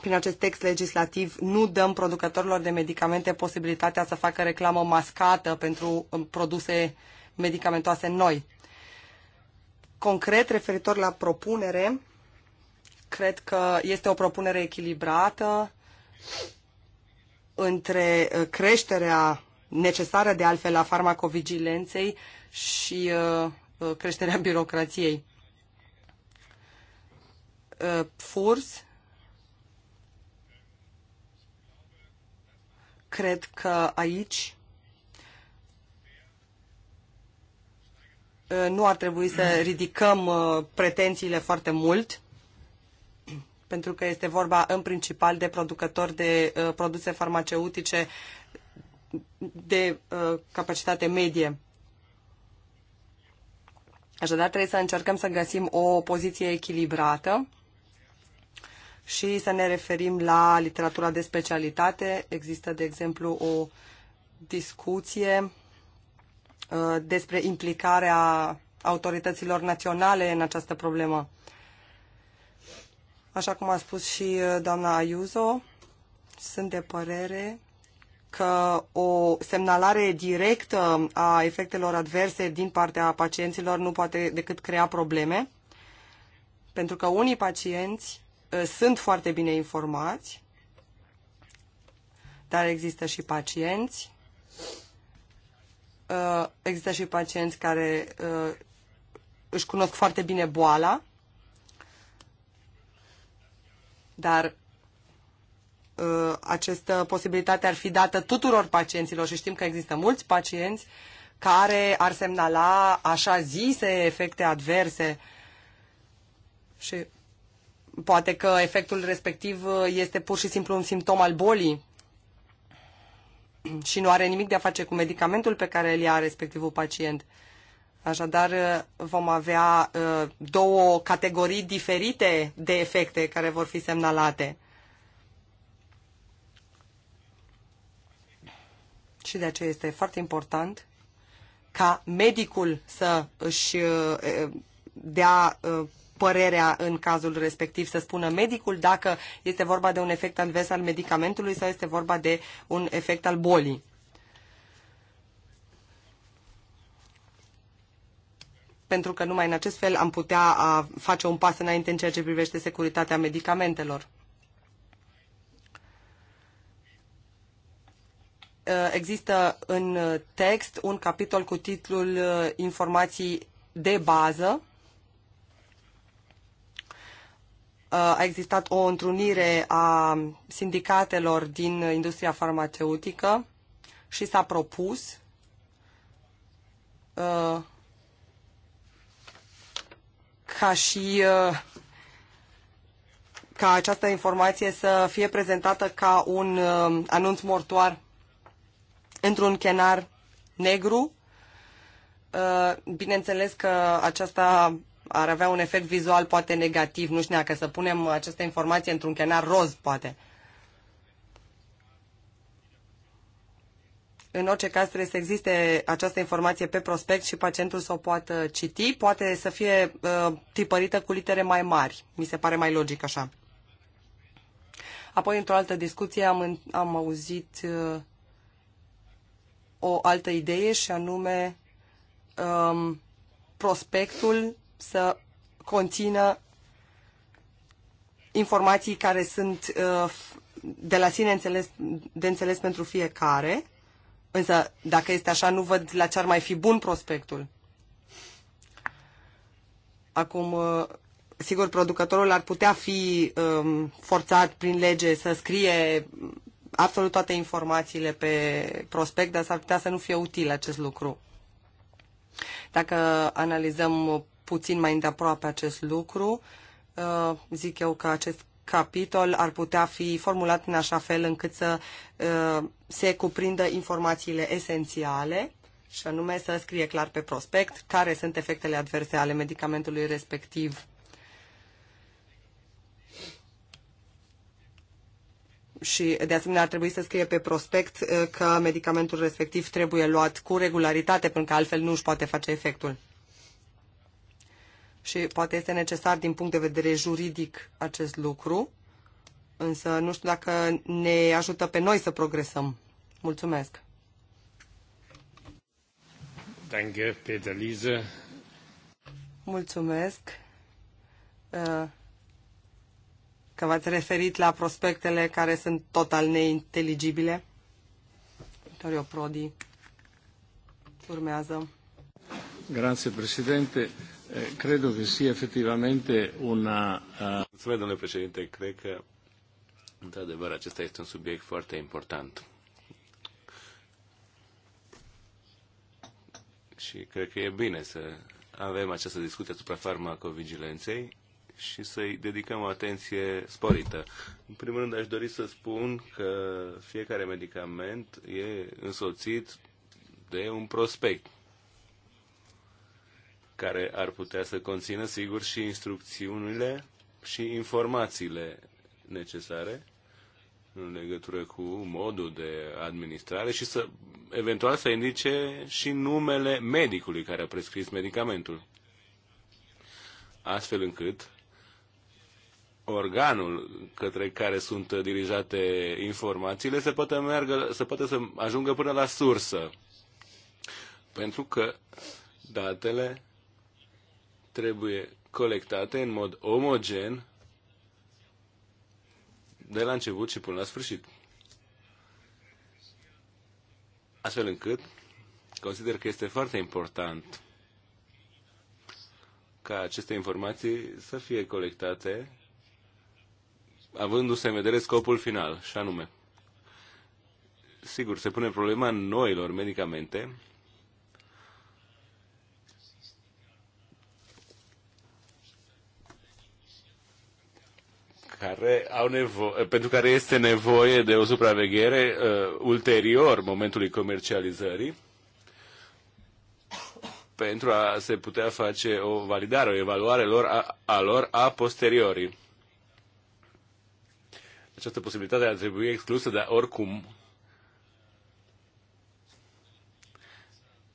prin acest text legislativ nu dăm producătorilor de medicamente posibilitatea să facă reclamă mascată pentru um, produse medicamentoase noi. Concret, referitor la propunere, Cred că este o propunere echilibrată între uh, creșterea necesară de altfel a farmacovigilenței și uh, uh, creșterea <laughs> birocrației. Furs, cred că aici nu ar trebui să ridicăm pretențiile foarte mult pentru că este vorba în principal de producători de uh, produse farmaceutice de uh, capacitate medie. Așadar, trebuie să încercăm să găsim o poziție echilibrată și să ne referim la literatura de specialitate. Există, de exemplu, o discuție uh, despre implicarea autorităților naționale în această problemă. Uh, Așa cum a spus și uh, doamna Ayuso, sunt de părere că o semnalare directă a efectelor adverse din partea pacienților nu poate decât crea probleme, pentru că unii pacienți uh, sunt foarte bine informați, dar există și pacienți. Uh, există și pacienți care își cunosc foarte bine boala dar uh, această posibilitate ar fi dată tuturor pacienților și știm că există mulți pacienți care ar semnala așa zise efecte adverse și poate că efectul respectiv uh, este pur și simplu un simptom al bolii și nu are nimic de a face cu medicamentul pe care îl ia respectivul pacient. Așadar, uh, vom avea uh, două categorii diferite de efecte care vor fi semnalate. Și de aceea este foarte important ca medicul să își uh, dea părerea în cazul respectiv, să spună medicul dacă este vorba de un efect advers al medicamentului sau este vorba de un efect al bolii. pentru că numai în acest fel am putea face un pas înainte în ceea ce privește securitatea medicamentelor. Există în text un capitol cu titlul Informații de bază. A existat o întrunire a sindicatelor din industria farmaceutică și s-a propus ca și uh, ca această informație să fie prezentată ca un uh, anunț mortoar într-un chenar negru. Uh, bineînțeles că aceasta ar avea un efect vizual poate negativ, nu știu dacă să punem această informație într-un chenar roz, poate. În orice caz trebuie să existe această informație pe prospect și pacientul să o poată citi. Poate să fie uh, tipărită cu litere mai mari. Mi se pare mai logic așa. Apoi, într-o altă discuție, am, am auzit uh, o altă idee și anume um, prospectul să conțină informații care sunt uh, de la sine înțeles, de înțeles pentru fiecare Însă, dacă este așa, nu văd la ce ar mai fi bun prospectul. Acum, uh, sigur, producătorul ar putea fi um, forțat prin lege să scrie absolut toate informațiile pe prospect, dar s-ar putea să nu fie util acest lucru. Dacă analizăm puțin mai îndeaproape acest lucru, uh, zic eu că acest capitol ar putea fi formulat în așa fel încât să uh, se cuprindă informațiile esențiale și anume să scrie clar pe prospect care sunt efectele adverse ale medicamentului respectiv. și de asemenea ar trebui să scrie pe prospect uh, că medicamentul respectiv trebuie luat cu regularitate, pentru că altfel nu își poate face efectul și poate este necesar din punct de vedere juridic acest lucru, însă nu știu dacă ne ajută pe noi să progresăm. Mulțumesc! Danke, Peter Mulțumesc uh, că v-ați referit la prospectele care sunt total neinteligibile. Vittorio Prodi urmează. Grazie, președinte. Eh, credo che sia effettivamente una... Uh... Mulțumesc, domnule președinte. Cred că, într-adevăr, acesta este un subiect foarte important. Și cred că e bine să avem această discuție asupra farmacovigilenței și să-i dedicăm o atenție sporită. În primul rând, aș dori să spun că fiecare medicament e însoțit de un prospect care ar putea să conțină, sigur, și instrucțiunile și informațiile necesare în legătură cu modul de administrare și să eventual să indice și numele medicului care a prescris medicamentul. Astfel încât organul către care sunt dirijate informațiile se poate, meargă, se poate să ajungă până la sursă. Pentru că datele trebuie colectate în mod omogen de la început și până la sfârșit. Astfel încât consider că este foarte important ca aceste informații să fie colectate avându-se în vedere scopul final, și anume. Sigur, se pune problema noilor medicamente care au nevo- eh, pentru care este nevoie de o supraveghere uh, ulterior momentului comercializării pentru a se putea face o validare, o evaluare lor a, a lor a posteriori. Această posibilitate ar trebui exclusă, dar oricum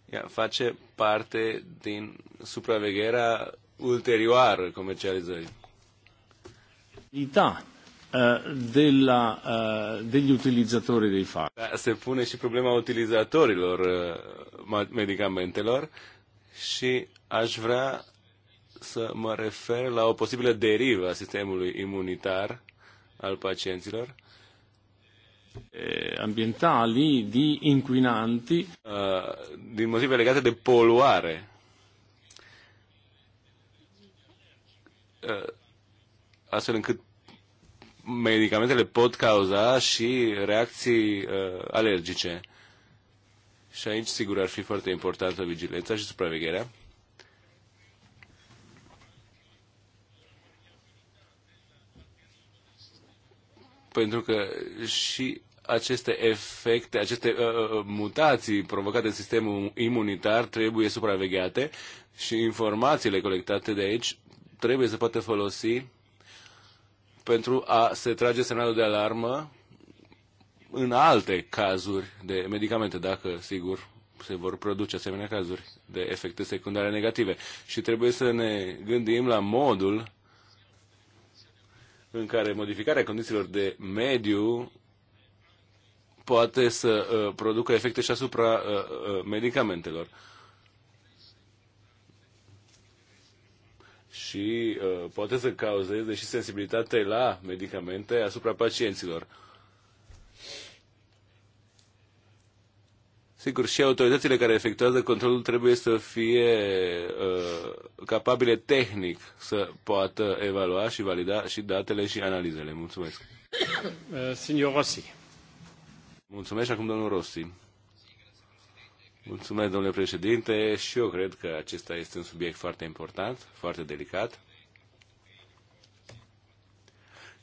ea face parte din supravegherea ulterioară comercializării responsabilità uh, della, uh, degli utilizzatori dei farmaci. Da, se pune și problema utilizatorilor lor uh, medicamentelor și aș vrea să mă refer la o posibilă derivă a sistemului imunitar al pacienților ambientali di inquinanti uh, din motive legate de poluare. Uh, astfel încât medicamentele pot cauza și reacții uh, alergice. Și aici, sigur, ar fi foarte importantă vigilența și supravegherea. Pentru că și aceste efecte, aceste uh, uh, uh mutații provocate în sistemul imunitar trebuie supravegheate și informațiile colectate de aici trebuie să poată folosi pentru a se trage semnalul de alarmă în alte cazuri de medicamente, dacă, sigur, se vor produce asemenea cazuri de efecte secundare negative. Și trebuie să ne gândim la modul în care modificarea condițiilor de mediu poate să uh, producă efecte și asupra uh, uh, medicamentelor. și uh, poate să cauzeze și sensibilitate la medicamente asupra pacienților. Sigur, și autoritățile care efectuează controlul trebuie să fie uh, capabile tehnic să poată evalua și valida și datele și analizele. Mulțumesc. <coughs> Uh, Signor Rossi. Mulțumesc acum domnul Rossi. Mulțumesc, domnule președinte, și eu cred că acesta este un subiect foarte important, foarte delicat.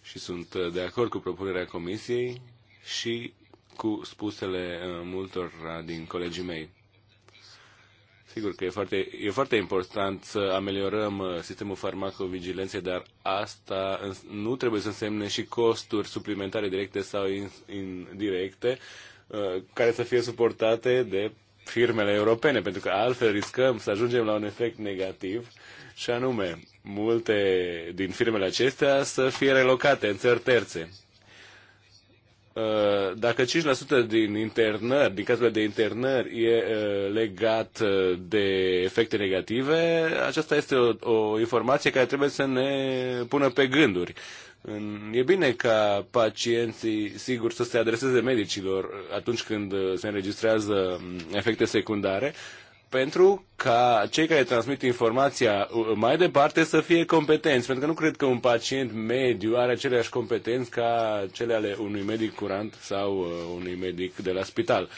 Și sunt uh, de acord cu propunerea comisiei și cu spusele uh, multor uh, din colegii mei. Sigur că e foarte, e foarte important să ameliorăm sistemul farmacovigilenței, dar asta nu trebuie să însemne și costuri suplimentare directe sau indirecte care să fie suportate de firmele europene, pentru că altfel riscăm să ajungem la un efect negativ și anume multe din firmele acestea să fie relocate în țări terțe. Uh, dacă 5% din internări, din cazurile de internări, e uh, legat uh, de efecte negative, aceasta este o, o informație care trebuie să ne pună pe gânduri. E bine ca pacienții, sigur, să se adreseze medicilor atunci când se înregistrează um, efecte secundare, pentru ca cei care transmit informația uh, mai departe să fie competenți, pentru că nu cred că un pacient mediu are aceleași competenți ca cele ale unui medic curant sau uh, unui medic de la spital.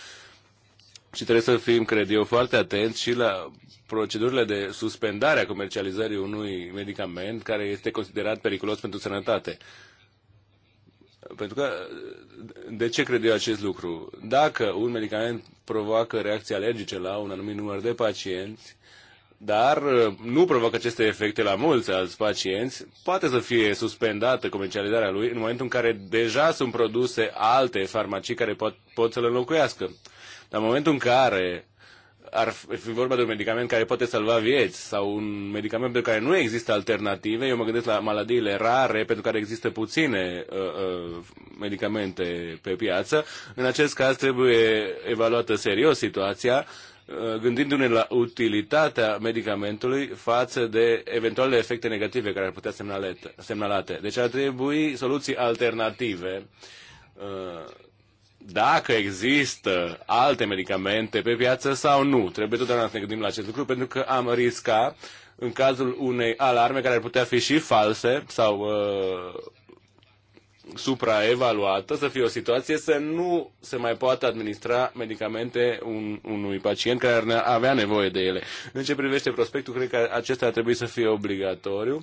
Și trebuie să fim, cred eu, foarte atenți și la procedurile de suspendare a comercializării unui medicament care este considerat periculos pentru sănătate. Pentru că, de ce cred eu acest lucru? Dacă un medicament provoacă reacții alergice la un anumit număr de pacienți, dar uh, nu provoacă aceste efecte la mulți alți pacienți, poate să fie suspendată comercializarea lui în momentul în care deja sunt produse alte farmacii care pot, pot să-l înlocuiască. Dar în momentul în care ar fi vorba de un medicament care poate salva vieți sau un medicament pentru care nu există alternative. Eu mă gândesc la maladiile rare pentru care există puține uh, uh, medicamente pe piață. În acest caz trebuie evaluată serios situația uh, gândindu-ne la utilitatea medicamentului față de eventualele efecte negative care ar putea semnalate. Deci ar trebui soluții alternative uh, dacă există alte medicamente pe piață sau nu. Trebuie totdeauna să ne gândim la acest lucru, pentru că am risca, în cazul unei alarme care ar putea fi și false sau uh, supraevaluată, să fie o situație să nu se mai poată administra medicamente un, unui pacient care ar avea nevoie de ele. În ce privește prospectul, cred că acesta ar trebui să fie obligatoriu. Uh,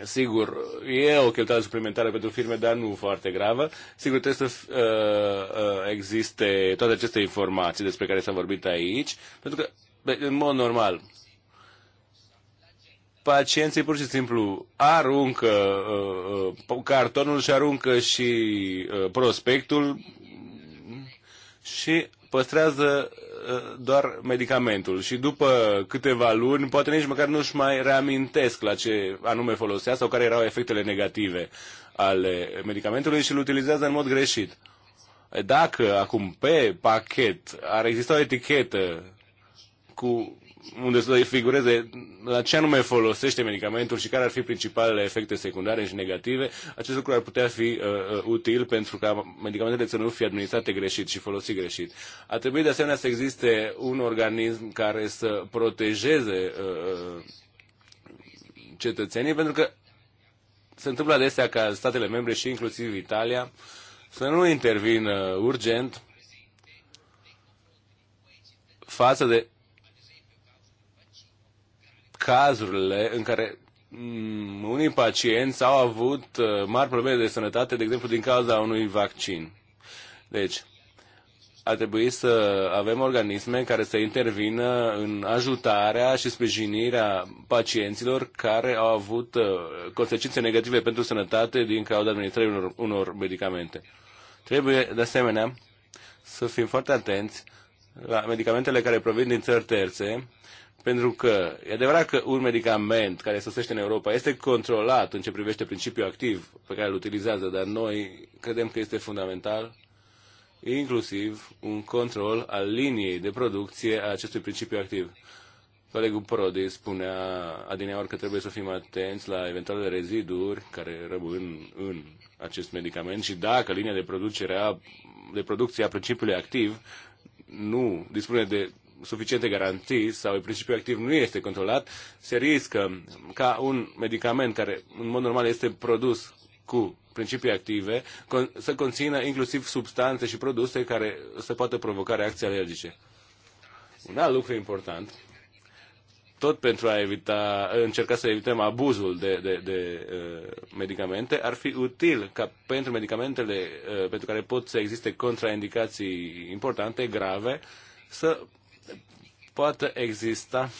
Sigur, e o cheltuială suplimentară pentru firme, dar nu foarte gravă. Sigur, trebuie să uh, uh, existe toate aceste informații despre care s-a vorbit aici, pentru că, în mod normal, pacienții pur și simplu aruncă uh, uh cartonul și aruncă și uh, prospectul și păstrează Uh, doar medicamentul și după câteva luni poate nici măcar nu-și mai reamintesc la ce anume folosea sau care erau efectele negative ale medicamentului și îl utilizează în mod greșit. Dacă acum pe pachet ar exista o etichetă cu unde să figureze la ce anume folosește medicamentul și care ar fi principalele efecte secundare și negative, acest lucru ar putea fi uh, uh util pentru ca medicamentele să nu fie administrate greșit și folosite greșit. Ar trebui de asemenea să existe un organism care să protejeze uh, uh, cetățenii, pentru că se întâmplă adesea ca statele membre și inclusiv Italia să nu intervină urgent față de cazurile în care mm, unii pacienți au avut uh, mari probleme de sănătate, de exemplu, din cauza unui vaccin. Deci, ar trebui să avem organisme care să intervină în ajutarea și sprijinirea pacienților care au avut uh, consecințe negative pentru sănătate din cauza administrării unor, unor medicamente. Trebuie, de asemenea, să fim foarte atenți la medicamentele care provin din țări terțe pentru că e adevărat că un medicament care sosește în Europa este controlat în ce privește principiul activ pe care îl utilizează, dar noi credem că este fundamental inclusiv un control al liniei de producție a acestui principiu activ. Colegul Prodi spunea adineaori că trebuie să fim atenți la eventualele reziduri care rămân în acest medicament și dacă linia de producere a, de producție a principiului activ nu dispune de suficiente garantii sau principiul activ nu este controlat, se riscă ca un medicament care în mod normal este produs cu principii active con- să conțină inclusiv substanțe și produse care să poată provoca reacții alergice. Un alt lucru important, tot pentru a evita, încerca să evităm abuzul de, de, de uh, medicamente, ar fi util ca pentru medicamentele uh, pentru care pot să existe contraindicații importante, grave, să poată exista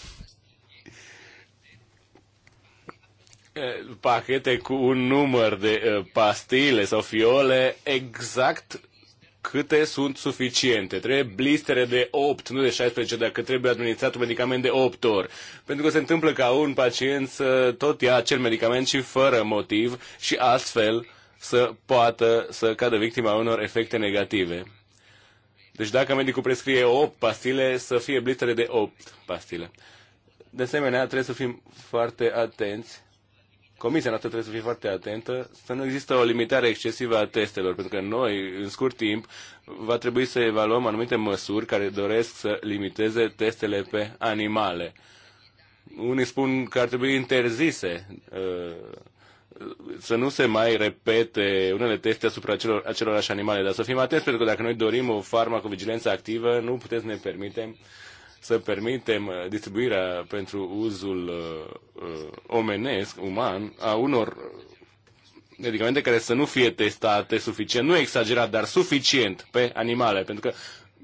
pachete cu un număr de pastile sau fiole exact câte sunt suficiente. Trebuie blistere de 8, nu de 16, dacă trebuie administrat un medicament de 8 ori. Pentru că se întâmplă ca un pacient să tot ia acel medicament și fără motiv și astfel să poată să cadă victima unor efecte negative. Deci dacă medicul prescrie 8 pastile, să fie blistere de 8 pastile. De asemenea, trebuie să fim foarte atenți. Comisia noastră trebuie să fie foarte atentă să nu există o limitare excesivă a testelor, pentru că noi, în scurt timp, va trebui să evaluăm anumite măsuri care doresc să limiteze testele pe animale. Unii spun că ar trebui interzise uh, să nu se mai repete unele teste asupra acelor, acelorași animale, dar să fim atenți, pentru că dacă noi dorim o farmacovigilență activă, nu putem să ne permitem să permitem uh, distribuirea pentru uzul uh, uh, omenesc, uman, a unor medicamente care să nu fie testate suficient, nu exagerat, dar suficient pe animale, pentru că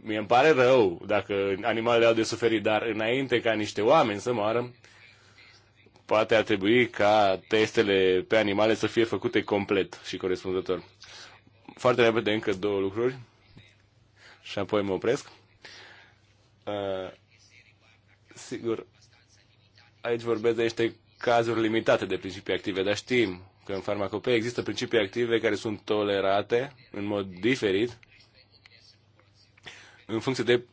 mi îmi pare rău dacă animalele au de suferit, dar înainte ca niște oameni să moară, poate ar trebui ca testele pe animale să fie făcute complet și corespunzător. Foarte repede încă două lucruri și apoi mă opresc. Uh, sigur, aici vorbesc de niște cazuri limitate de principii active, dar știm că în farmacopee există principii active care sunt tolerate în mod diferit în funcție de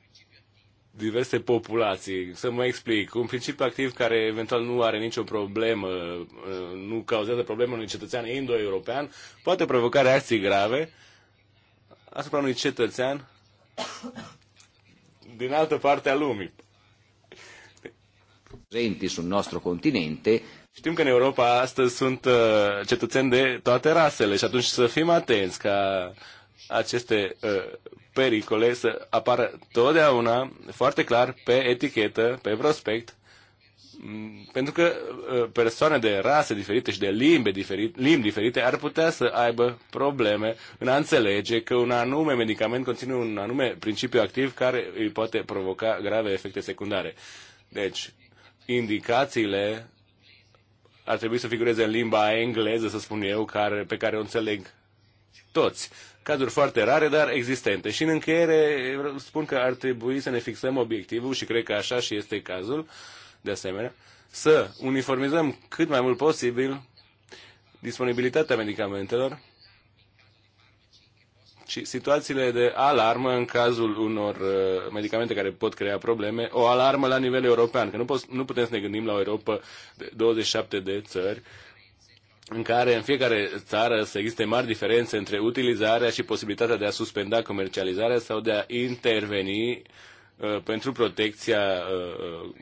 diverse populații. Să mă explic. Un principiu activ care eventual nu are nicio problemă, uh, nu cauzează probleme unui cetățean indo-european, poate provoca reacții grave asupra unui cetățean din altă parte a lumii. Prezenti sul nostru continente. Știm că în Europa astăzi sunt uh, cetățeni de toate rasele și atunci să fim atenți ca aceste uh, pericole să apară totdeauna foarte clar pe etichetă, pe prospect, pentru că uh, persoane de rase diferite și de limbe diferite, limbi diferite ar putea să aibă probleme în a înțelege că un anume medicament conține un anume principiu activ care îi poate provoca grave efecte secundare. Deci, indicațiile ar trebui să figureze în limba engleză, să spun eu, care, pe care o înțeleg toți cazuri foarte rare, dar existente. Și în încheiere spun că ar trebui să ne fixăm obiectivul și cred că așa și este cazul, de asemenea, să uniformizăm cât mai mult posibil disponibilitatea medicamentelor și situațiile de alarmă în cazul unor uh, medicamente care pot crea probleme, o alarmă la nivel european, că nu, pot, nu putem să ne gândim la o Europa de 27 de țări în care în fiecare țară să existe mari diferențe între utilizarea și posibilitatea de a suspenda comercializarea sau de a interveni uh, pentru protecția uh, uh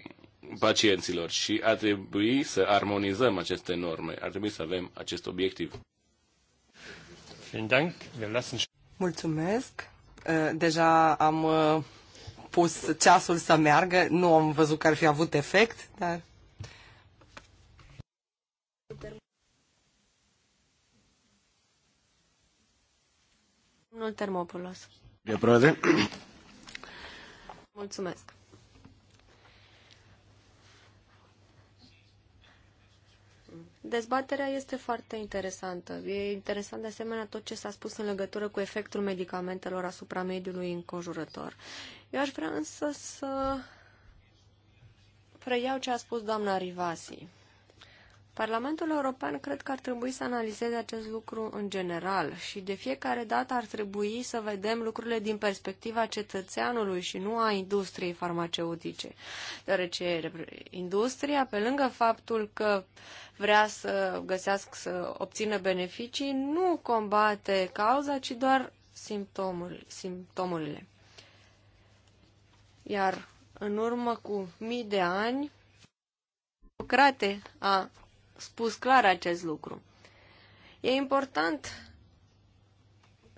pacienților și ar trebui să armonizăm aceste norme, ar trebui să avem acest obiectiv. Mulțumesc. Uh, deja am uh, pus ceasul să meargă, nu am văzut că ar fi avut efect, dar Domnul Termopulos. Mulțumesc. Dezbaterea este foarte interesantă. E interesant de asemenea tot ce s-a spus în legătură cu efectul medicamentelor asupra mediului înconjurător. Eu aș vrea însă să preiau ce a spus doamna Rivasi. Parlamentul European cred că ar trebui să analizeze acest lucru în general și de fiecare dată ar trebui să vedem lucrurile din perspectiva cetățeanului și nu a industriei farmaceutice. Deoarece industria, pe lângă faptul că vrea să găsească, să obțină beneficii, nu combate cauza, ci doar simptomul, simptomurile. Iar în urmă cu mii de ani, Socrate a spus clar acest lucru. E important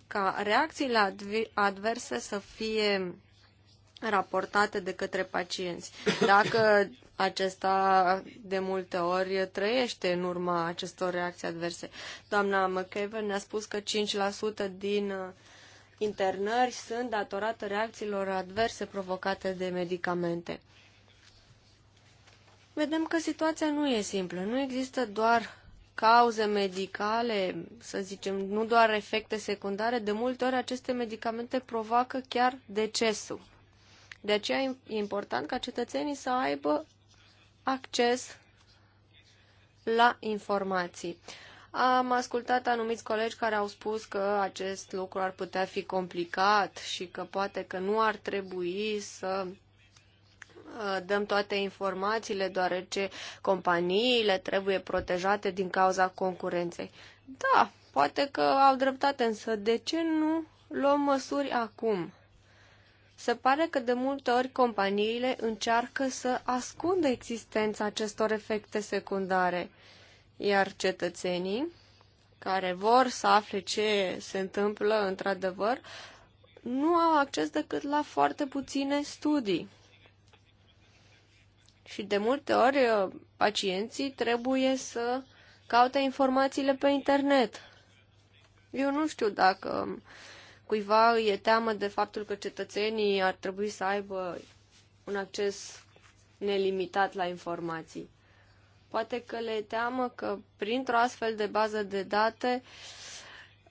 ca reacțiile adverse să fie raportate de către pacienți. Dacă acesta de multe ori trăiește în urma acestor reacții adverse. Doamna McKeven ne-a spus că 5% din uh, internări sunt datorate reacțiilor adverse provocate de medicamente vedem că situația nu e simplă. Nu există doar cauze medicale, să zicem, nu doar efecte secundare. De multe ori aceste medicamente provoacă chiar decesul. De aceea e important ca cetățenii să aibă acces la informații. Am ascultat anumiți colegi care au spus că acest lucru ar putea fi complicat și că poate că nu ar trebui să dăm toate informațiile, deoarece companiile trebuie protejate din cauza concurenței. Da, poate că au dreptate, însă de ce nu luăm măsuri acum? Se pare că de multe ori companiile încearcă să ascundă existența acestor efecte secundare, iar cetățenii care vor să afle ce se întâmplă într-adevăr, nu au acces decât la foarte puține studii. Și de multe ori uh, pacienții trebuie să caute informațiile pe internet. Eu nu știu dacă cuiva îi e teamă de faptul că cetățenii ar trebui să aibă un acces nelimitat la informații. Poate că le teamă că printr-o astfel de bază de date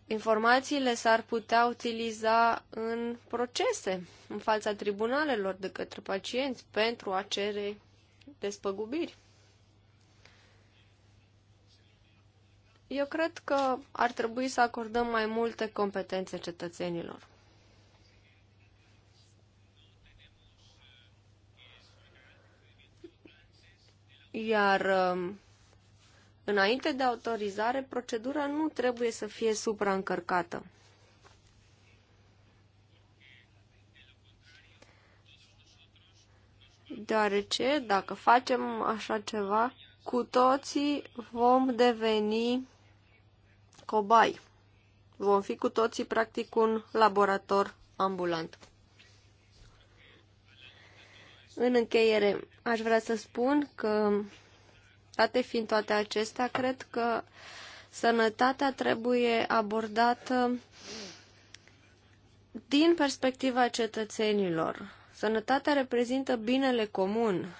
informațiile s-ar putea utiliza în procese în fața tribunalelor de către pacienți pentru a cere despăgubiri. Eu cred că ar trebui să acordăm mai multe competențe cetățenilor. Iar um, înainte de autorizare, procedura nu trebuie să fie supraîncărcată. deoarece dacă facem așa ceva, cu toții vom deveni cobai. Vom fi cu toții practic un laborator ambulant. În încheiere, aș vrea să spun că, date fiind toate acestea, cred că sănătatea trebuie abordată din perspectiva cetățenilor Sănătatea reprezintă binele comun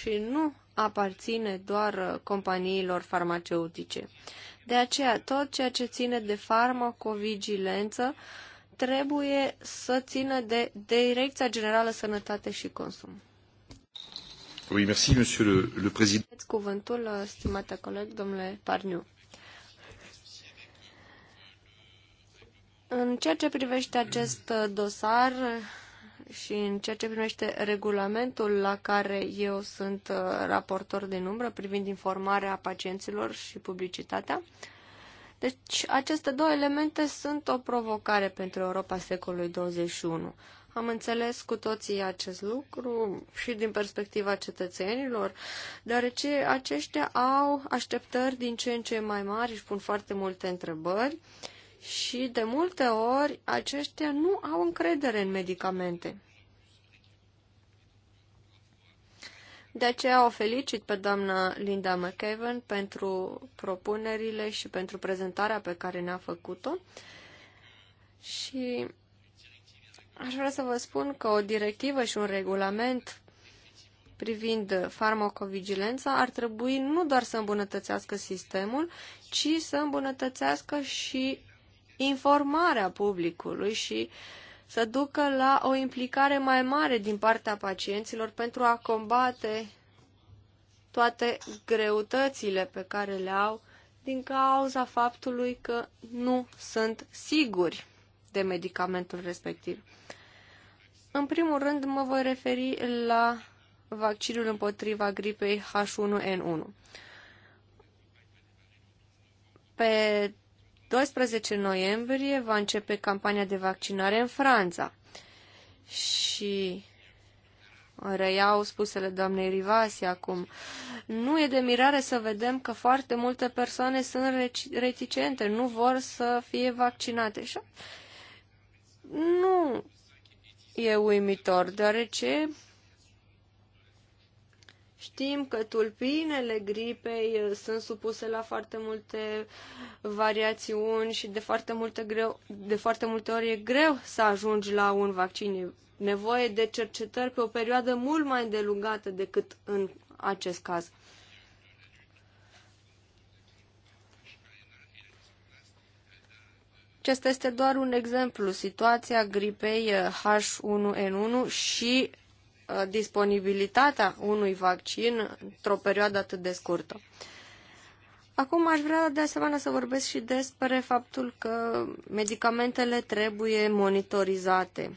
și nu aparține doar uh, companiilor farmaceutice. De aceea, tot ceea ce ține de farmacovigilență trebuie să țină de Direcția Generală Sănătate și Consum. Oui, merci, monsieur le, le président. Cuvântul, uh, stimate coleg, domnule Parniu. În ceea ce privește acest uh, dosar, și în ceea ce primește regulamentul la care eu sunt uh, raportor de umbră privind informarea pacienților și publicitatea. Deci aceste două elemente sunt o provocare pentru Europa secolului 21. Am înțeles cu toții acest lucru și din perspectiva cetățenilor, deoarece aceștia au așteptări din ce în ce mai mari, își pun foarte multe întrebări. Uh, și de multe ori aceștia nu au încredere în medicamente. De aceea o felicit pe doamna Linda McEwen pentru propunerile și pentru prezentarea pe care ne-a făcut-o. Și aș vrea să vă spun că o directivă și un regulament privind farmacovigilența ar trebui nu doar să îmbunătățească sistemul, ci să îmbunătățească și informarea publicului și să ducă la o implicare mai mare din partea pacienților pentru a combate toate greutățile pe care le au din cauza faptului că nu sunt siguri de medicamentul respectiv. În primul rând mă voi referi la vaccinul împotriva gripei H1N1. Pe 12 noiembrie va începe campania de vaccinare în Franța. Și reiau spusele doamnei Rivasi acum. Nu e de mirare să vedem că foarte multe persoane sunt reticente, nu vor să fie vaccinate. Și nu e uimitor, deoarece Știm că tulpinele gripei uh, sunt supuse la foarte multe variațiuni și de foarte, multe greu, de foarte multe ori e greu să ajungi la un vaccin. E nevoie de cercetări pe o perioadă mult mai delugată decât în acest caz. Acesta este doar un exemplu. Situația gripei H1N1 uh, și Uh, disponibilitatea unui vaccin într-o perioadă atât de scurtă. Acum aș vrea de asemenea să vorbesc și despre faptul că medicamentele trebuie monitorizate.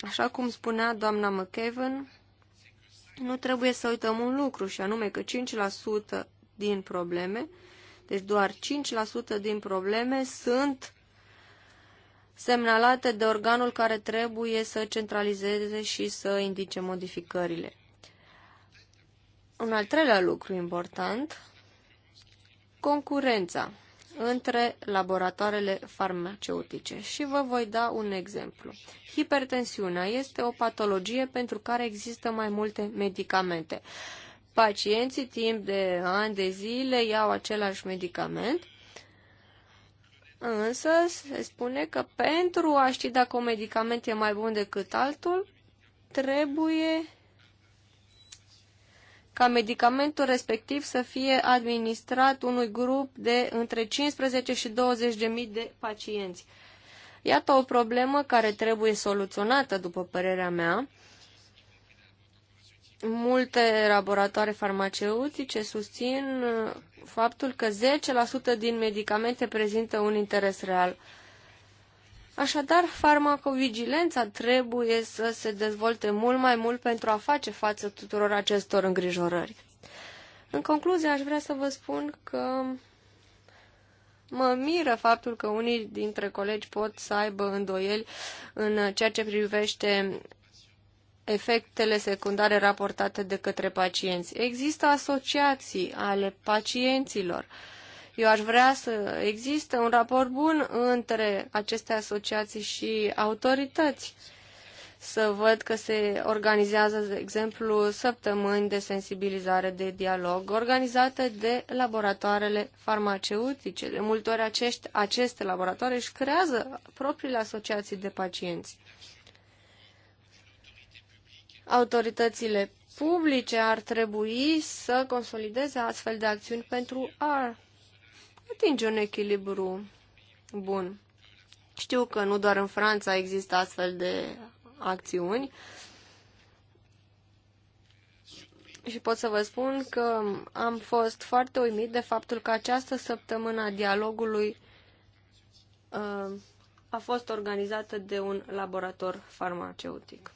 Așa cum spunea doamna McKeven, nu trebuie să uităm un lucru și anume că 5% din probleme, deci doar 5% din probleme sunt semnalate de organul care trebuie să centralizeze și să indice modificările. Un al treilea lucru important, concurența între laboratoarele farmaceutice. Și vă voi da un exemplu. Hipertensiunea este o patologie pentru care există mai multe medicamente. Pacienții timp de ani de zile iau același medicament Însă se spune că pentru a ști dacă un medicament e mai bun decât altul, trebuie ca medicamentul respectiv să fie administrat unui grup de între 15 și 20 de mii de pacienți. Iată o problemă care trebuie soluționată, după părerea mea. Multe laboratoare farmaceutice susțin faptul că 10% din medicamente prezintă un interes real. Așadar, farmacovigilența trebuie să se dezvolte mult mai mult pentru a face față tuturor acestor îngrijorări. În concluzie, aș vrea să vă spun că mă miră faptul că unii dintre colegi pot să aibă îndoieli în ceea ce privește efectele secundare raportate de către pacienți. Există asociații ale pacienților. Eu aș vrea să existe un raport bun între aceste asociații și autorități. Să văd că se organizează, de exemplu, săptămâni de sensibilizare, de dialog, organizate de laboratoarele farmaceutice. De multe ori acești, aceste laboratoare își creează propriile asociații de pacienți. Autoritățile publice ar trebui să consolideze astfel de acțiuni pentru a atinge un echilibru bun. Știu că nu doar în Franța există astfel de acțiuni și pot să vă spun că am fost foarte uimit de faptul că această săptămână a dialogului uh, a fost organizată de un laborator farmaceutic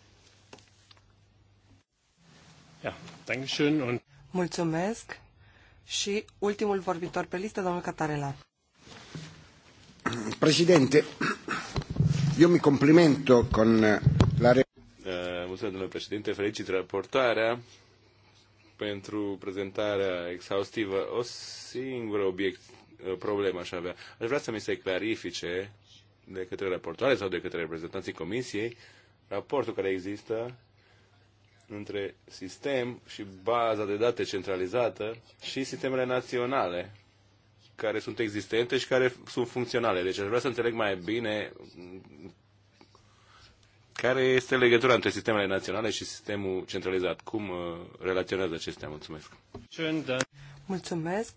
und Mulțumesc. Și ultimul vorbitor pe listă, domnul Catarela. Președinte, eu mi complimento con la... Da, mulțumesc, domnule președinte, felicit raportarea pentru prezentarea exhaustivă. O singură obiect, problemă aș avea. Aș vrea să mi se clarifice de către raportoare sau de către reprezentanții comisiei raportul care există între sistem și baza de date centralizată și sistemele naționale care sunt existente și care sunt funcționale. Deci aș vrea să înțeleg mai bine care este legătura între sistemele naționale și sistemul centralizat. Cum uh, relaționează acestea? Mulțumesc. Mulțumesc.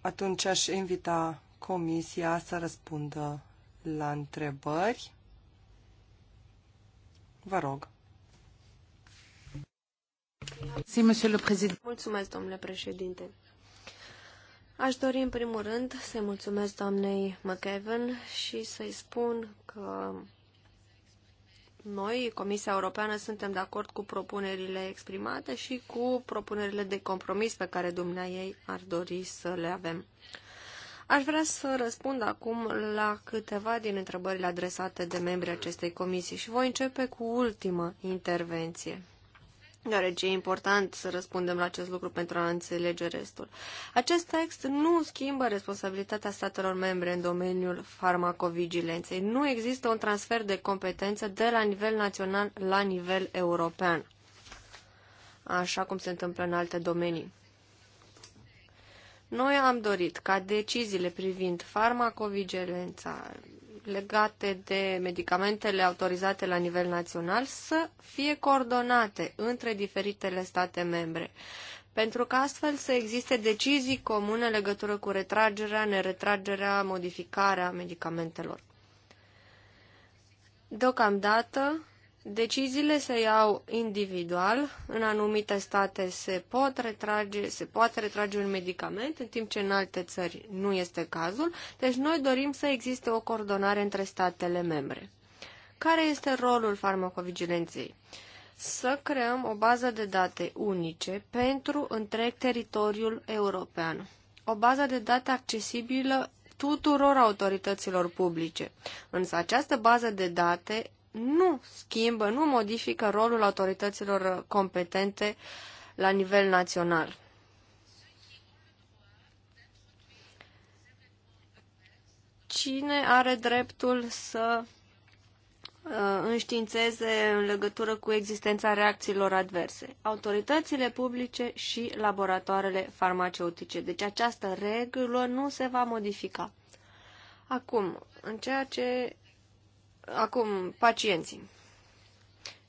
Atunci aș invita comisia să răspundă la întrebări. Vă rog. Mulțumesc, domnule președinte. Aș dori, în primul rând, să-i mulțumesc doamnei McEwen și să-i spun că noi, Comisia Europeană, suntem de acord cu propunerile exprimate și cu propunerile de compromis pe care dumnea ei ar dori să le avem. Aș vrea să răspund acum la câteva din întrebările adresate de membrii acestei comisii și voi începe cu ultima intervenție deoarece e important să răspundem la acest lucru pentru a înțelege restul. Acest text nu schimbă responsabilitatea statelor membre în domeniul farmacovigilenței. Nu există un transfer de competență de la nivel național la nivel european, așa cum se întâmplă în alte domenii. Noi am dorit ca deciziile privind farmacovigilența, legate de medicamentele autorizate la nivel național să fie coordonate între diferitele state membre, pentru că astfel să existe decizii comune în legătură cu retragerea, neretragerea, modificarea medicamentelor. Deocamdată, Deciziile se iau individual, în anumite state se, pot retrage, se poate retrage un medicament, în timp ce în alte țări nu este cazul, deci noi dorim să existe o coordonare între statele membre. Care este rolul farmacovigilenței? Să creăm o bază de date unice pentru întreg teritoriul european. O bază de date accesibilă tuturor autorităților publice. Însă această bază de date nu schimbă, nu modifică rolul autorităților competente la nivel național. Cine are dreptul să uh, înștiințeze în legătură cu existența reacțiilor adverse. Autoritățile publice și laboratoarele farmaceutice. Deci această regulă nu se va modifica. Acum, în ceea ce Acum, pacienții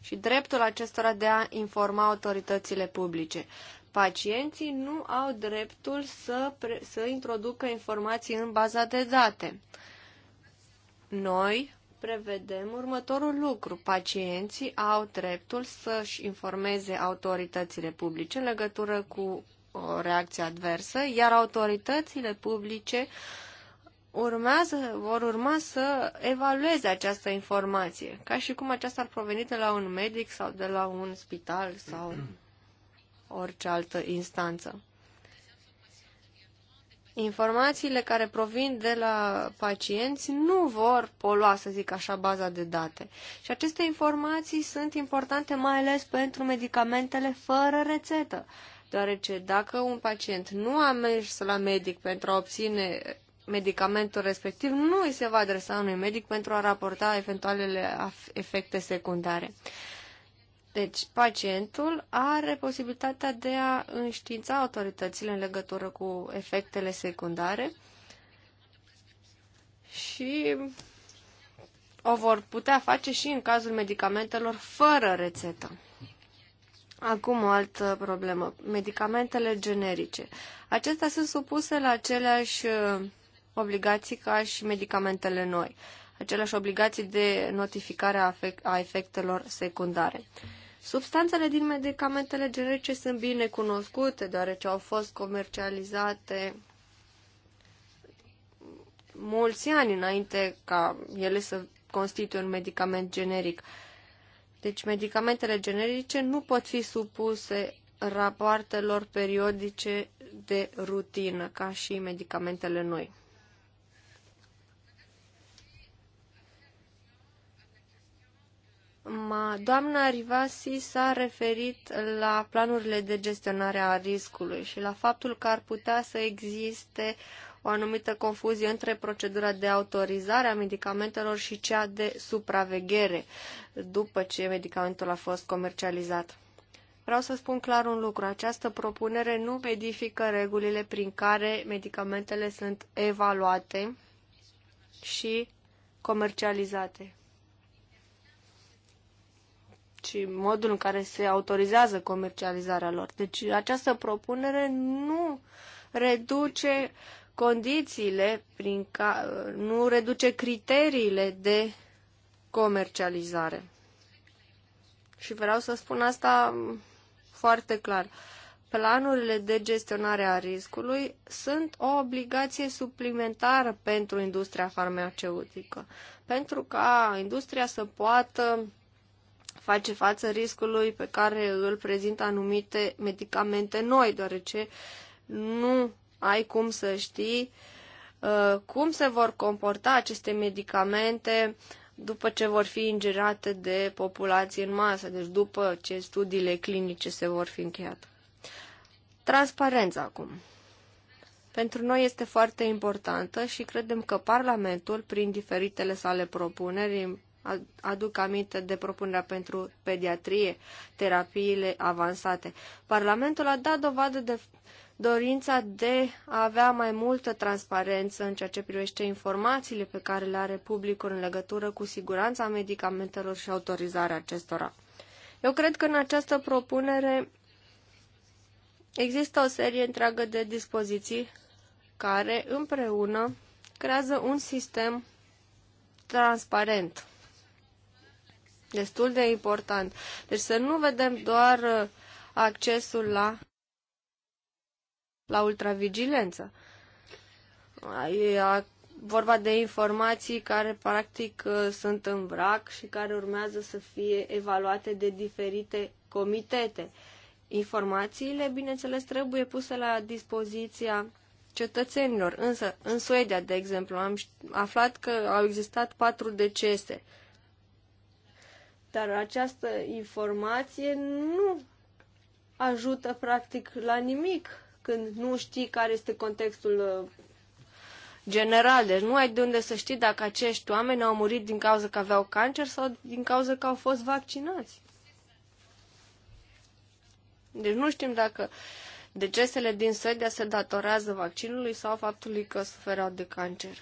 și dreptul acestora de a informa autoritățile publice. Pacienții nu au dreptul să, pre- să introducă informații în baza de date. Noi prevedem următorul lucru. Pacienții au dreptul să-și informeze autoritățile publice în legătură cu o uh, reacție adversă, iar autoritățile publice uh, urmează, vor urma să evalueze această informație, ca și cum aceasta ar proveni de la un medic sau de la un spital sau orice altă instanță. Informațiile care provin de la pacienți nu vor polua, să zic așa, baza de date. Și aceste informații sunt importante mai ales pentru medicamentele fără rețetă, deoarece dacă un pacient nu a mers la medic pentru a obține medicamentul respectiv nu îi se va adresa unui medic pentru a raporta eventualele efecte secundare. Deci, pacientul are posibilitatea de a înștiința autoritățile în legătură cu efectele secundare și o vor putea face și în cazul medicamentelor fără rețetă. Acum o altă problemă. Medicamentele generice. Acestea sunt supuse la aceleași obligații ca și medicamentele noi, aceleași obligații de notificare a efectelor secundare. Substanțele din medicamentele generice sunt bine cunoscute, deoarece au fost comercializate mulți ani înainte ca ele să constituie un medicament generic. Deci medicamentele generice nu pot fi supuse rapoartelor periodice de rutină, ca și medicamentele noi. Ma, doamna Rivasi s-a referit la planurile de gestionare a riscului și la faptul că ar putea să existe o anumită confuzie între procedura de autorizare a medicamentelor și cea de supraveghere după ce medicamentul a fost comercializat. Vreau să spun clar un lucru. Această propunere nu modifică regulile prin care medicamentele sunt evaluate și comercializate și modul în care se autorizează comercializarea lor. Deci această propunere nu reduce condițiile, prin ca, nu reduce criteriile de comercializare. Și vreau să spun asta foarte clar. Planurile de gestionare a riscului sunt o obligație suplimentară pentru industria farmaceutică, pentru ca industria să poată face față riscului pe care îl prezintă anumite medicamente noi, deoarece nu ai cum să știi uh, cum se vor comporta aceste medicamente după ce vor fi ingerate de populație în masă, deci după ce studiile clinice se vor fi încheiate. Transparența acum. Pentru noi este foarte importantă și credem că Parlamentul, prin diferitele sale propuneri, aduc aminte de propunerea pentru pediatrie, terapiile avansate. Parlamentul a dat dovadă de dorința de a avea mai multă transparență în ceea ce privește informațiile pe care le are publicul în legătură cu siguranța medicamentelor și autorizarea acestora. Eu cred că în această propunere există o serie întreagă de dispoziții care împreună creează un sistem transparent destul de important. Deci să nu vedem doar uh, accesul la, la ultravigilență. E vorba de informații care practic uh, sunt în vrac și care urmează să fie evaluate de diferite comitete. Informațiile, bineînțeles, trebuie puse la dispoziția cetățenilor. Însă, în Suedia, de exemplu, am aflat că au existat patru decese dar această informație nu ajută practic la nimic când nu știi care este contextul uh, general. Deci nu ai de unde să știi dacă acești oameni au murit din cauza că aveau cancer sau din cauza că au fost vaccinați. Deci nu știm dacă decesele din Sădea se datorează vaccinului sau faptului că suferau de cancer.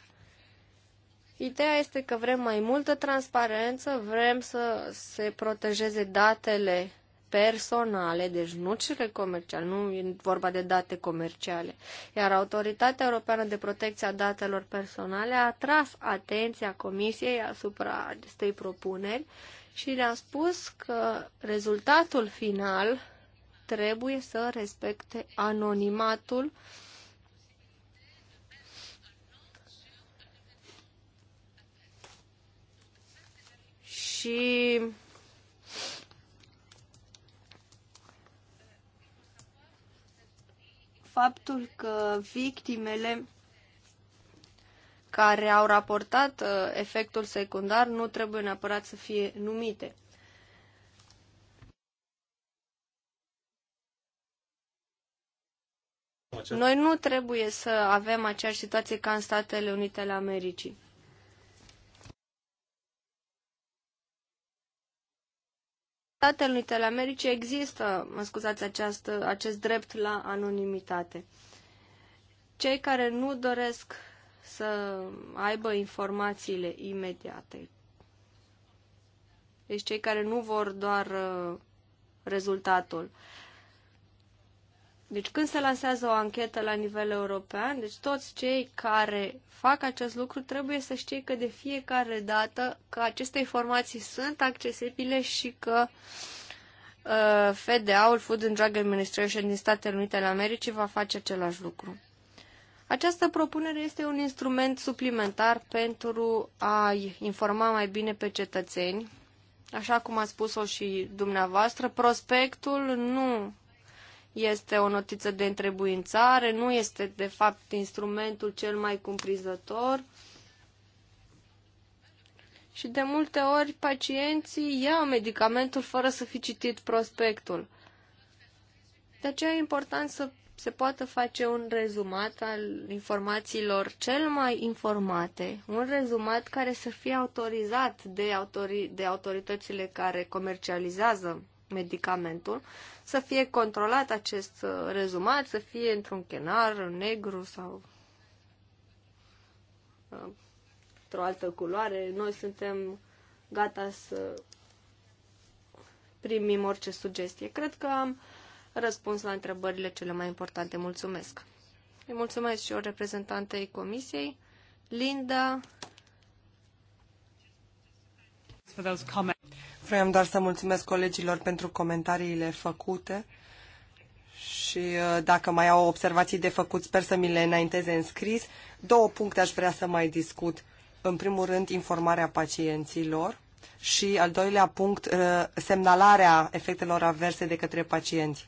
Ideea este că vrem mai multă transparență, vrem să se protejeze datele personale, deci nu cele comerciale, nu e vorba de date comerciale. Iar Autoritatea Europeană de Protecție a Datelor Personale a atras atenția Comisiei asupra acestei propuneri și le-a spus că rezultatul final trebuie să respecte anonimatul uh, și faptul că victimele care au raportat uh, efectul secundar nu trebuie neapărat să fie numite. Noi nu trebuie să avem aceeași situație ca în Statele Unite ale Americii. Statele Unite ale Americii există, mă scuzați, această, acest drept la anonimitate. Cei care nu doresc să aibă informațiile imediate. Deci cei care nu vor doar uh, rezultatul. Deci când se lansează o anchetă la nivel european, deci toți cei care fac acest lucru trebuie să știe că de fiecare dată că aceste informații sunt accesibile și că uh, FDA-ul Food and Drug Administration din Statele Unite ale Americii va face același lucru. Această propunere este un instrument suplimentar pentru a informa mai bine pe cetățeni. Așa cum a spus-o și dumneavoastră, prospectul nu este o notiță de întrebuințare, nu este de fapt instrumentul cel mai cumprizător. Și de multe ori pacienții iau medicamentul fără să fi citit prospectul. De aceea e important să se poată face un rezumat al informațiilor cel mai informate, un rezumat care să fie autorizat de, autori- de autoritățile care comercializează medicamentul să fie controlat acest uh, rezumat, să fie într-un chenar negru sau uh, într-o altă culoare. Noi suntem gata să primim orice sugestie. Cred că am răspuns la întrebările cele mai importante. Mulțumesc! Îi mulțumesc și o reprezentantei comisiei, Linda. For those Vreau doar să mulțumesc colegilor pentru comentariile făcute și uh, dacă mai au observații de făcut, sper să mi le înainteze în scris. Două puncte aș vrea să mai discut. În primul rând, informarea pacienților și, al doilea punct, uh, semnalarea efectelor averse de către pacienți.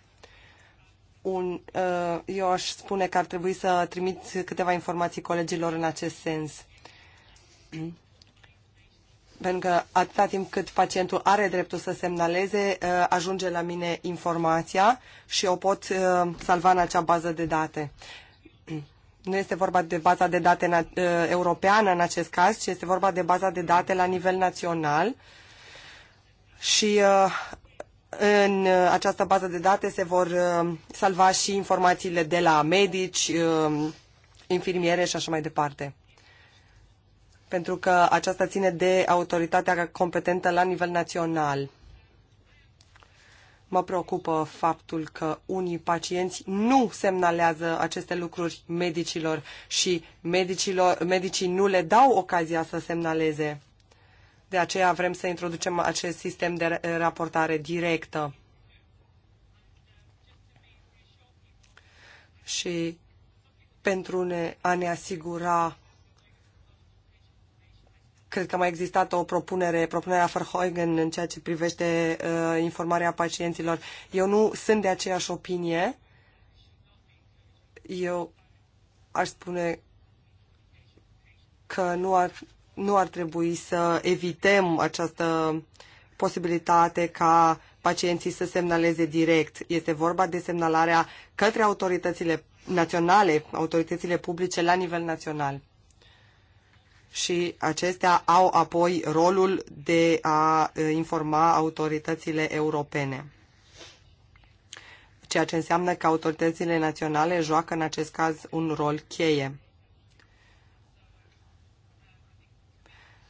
Un, uh, eu aș spune că ar trebui să trimit câteva informații colegilor în acest sens pentru că atâta timp cât pacientul are dreptul să semnaleze, uh, ajunge la mine informația și o pot uh, salva în acea bază de date. Nu este vorba de baza de date uh, europeană în acest caz, ci este vorba de baza de date la nivel național și în această bază de date se vor salva și informațiile de la medici, infirmiere și așa mai departe pentru că aceasta ține de autoritatea competentă la nivel național. Mă preocupă faptul că unii pacienți nu semnalează aceste lucruri medicilor și medicilor, medicii nu le dau ocazia să semnaleze. De aceea vrem să introducem acest sistem de raportare directă. Și pentru ne, a ne asigura Cred că mai existat o propunere, propunerea Verheugen în ceea ce privește uh, informarea pacienților. Eu nu sunt de aceeași opinie. Eu aș spune că nu ar, nu ar trebui să evităm această posibilitate ca pacienții să semnaleze direct. Este vorba de semnalarea către autoritățile naționale, autoritățile publice la nivel național și acestea au apoi rolul de a informa autoritățile europene. Ceea ce înseamnă că autoritățile naționale joacă în acest caz un rol cheie.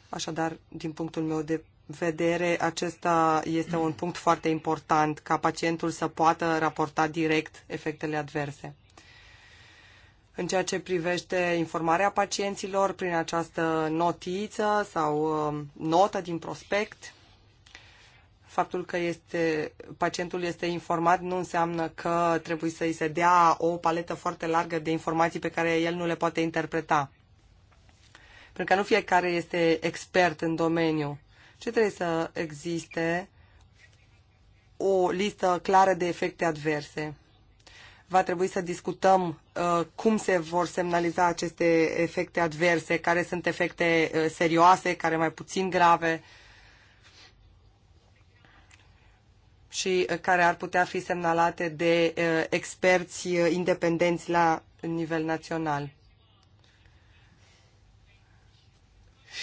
Așadar, din punctul meu de vedere, acesta este un punct foarte important, ca pacientul să poată raporta direct efectele adverse în ceea ce privește informarea pacienților prin această notiță sau um, notă din prospect. Faptul că este, pacientul este informat nu înseamnă că trebuie să i se dea o paletă foarte largă de informații pe care el nu le poate interpreta. Pentru că nu fiecare este expert în domeniu. Ce trebuie să existe? O listă clară de efecte adverse va trebui să discutăm uh, cum se vor semnaliza aceste efecte adverse, care sunt efecte uh, serioase, care mai puțin grave și uh, care ar putea fi semnalate de uh, experți uh, independenți la nivel național.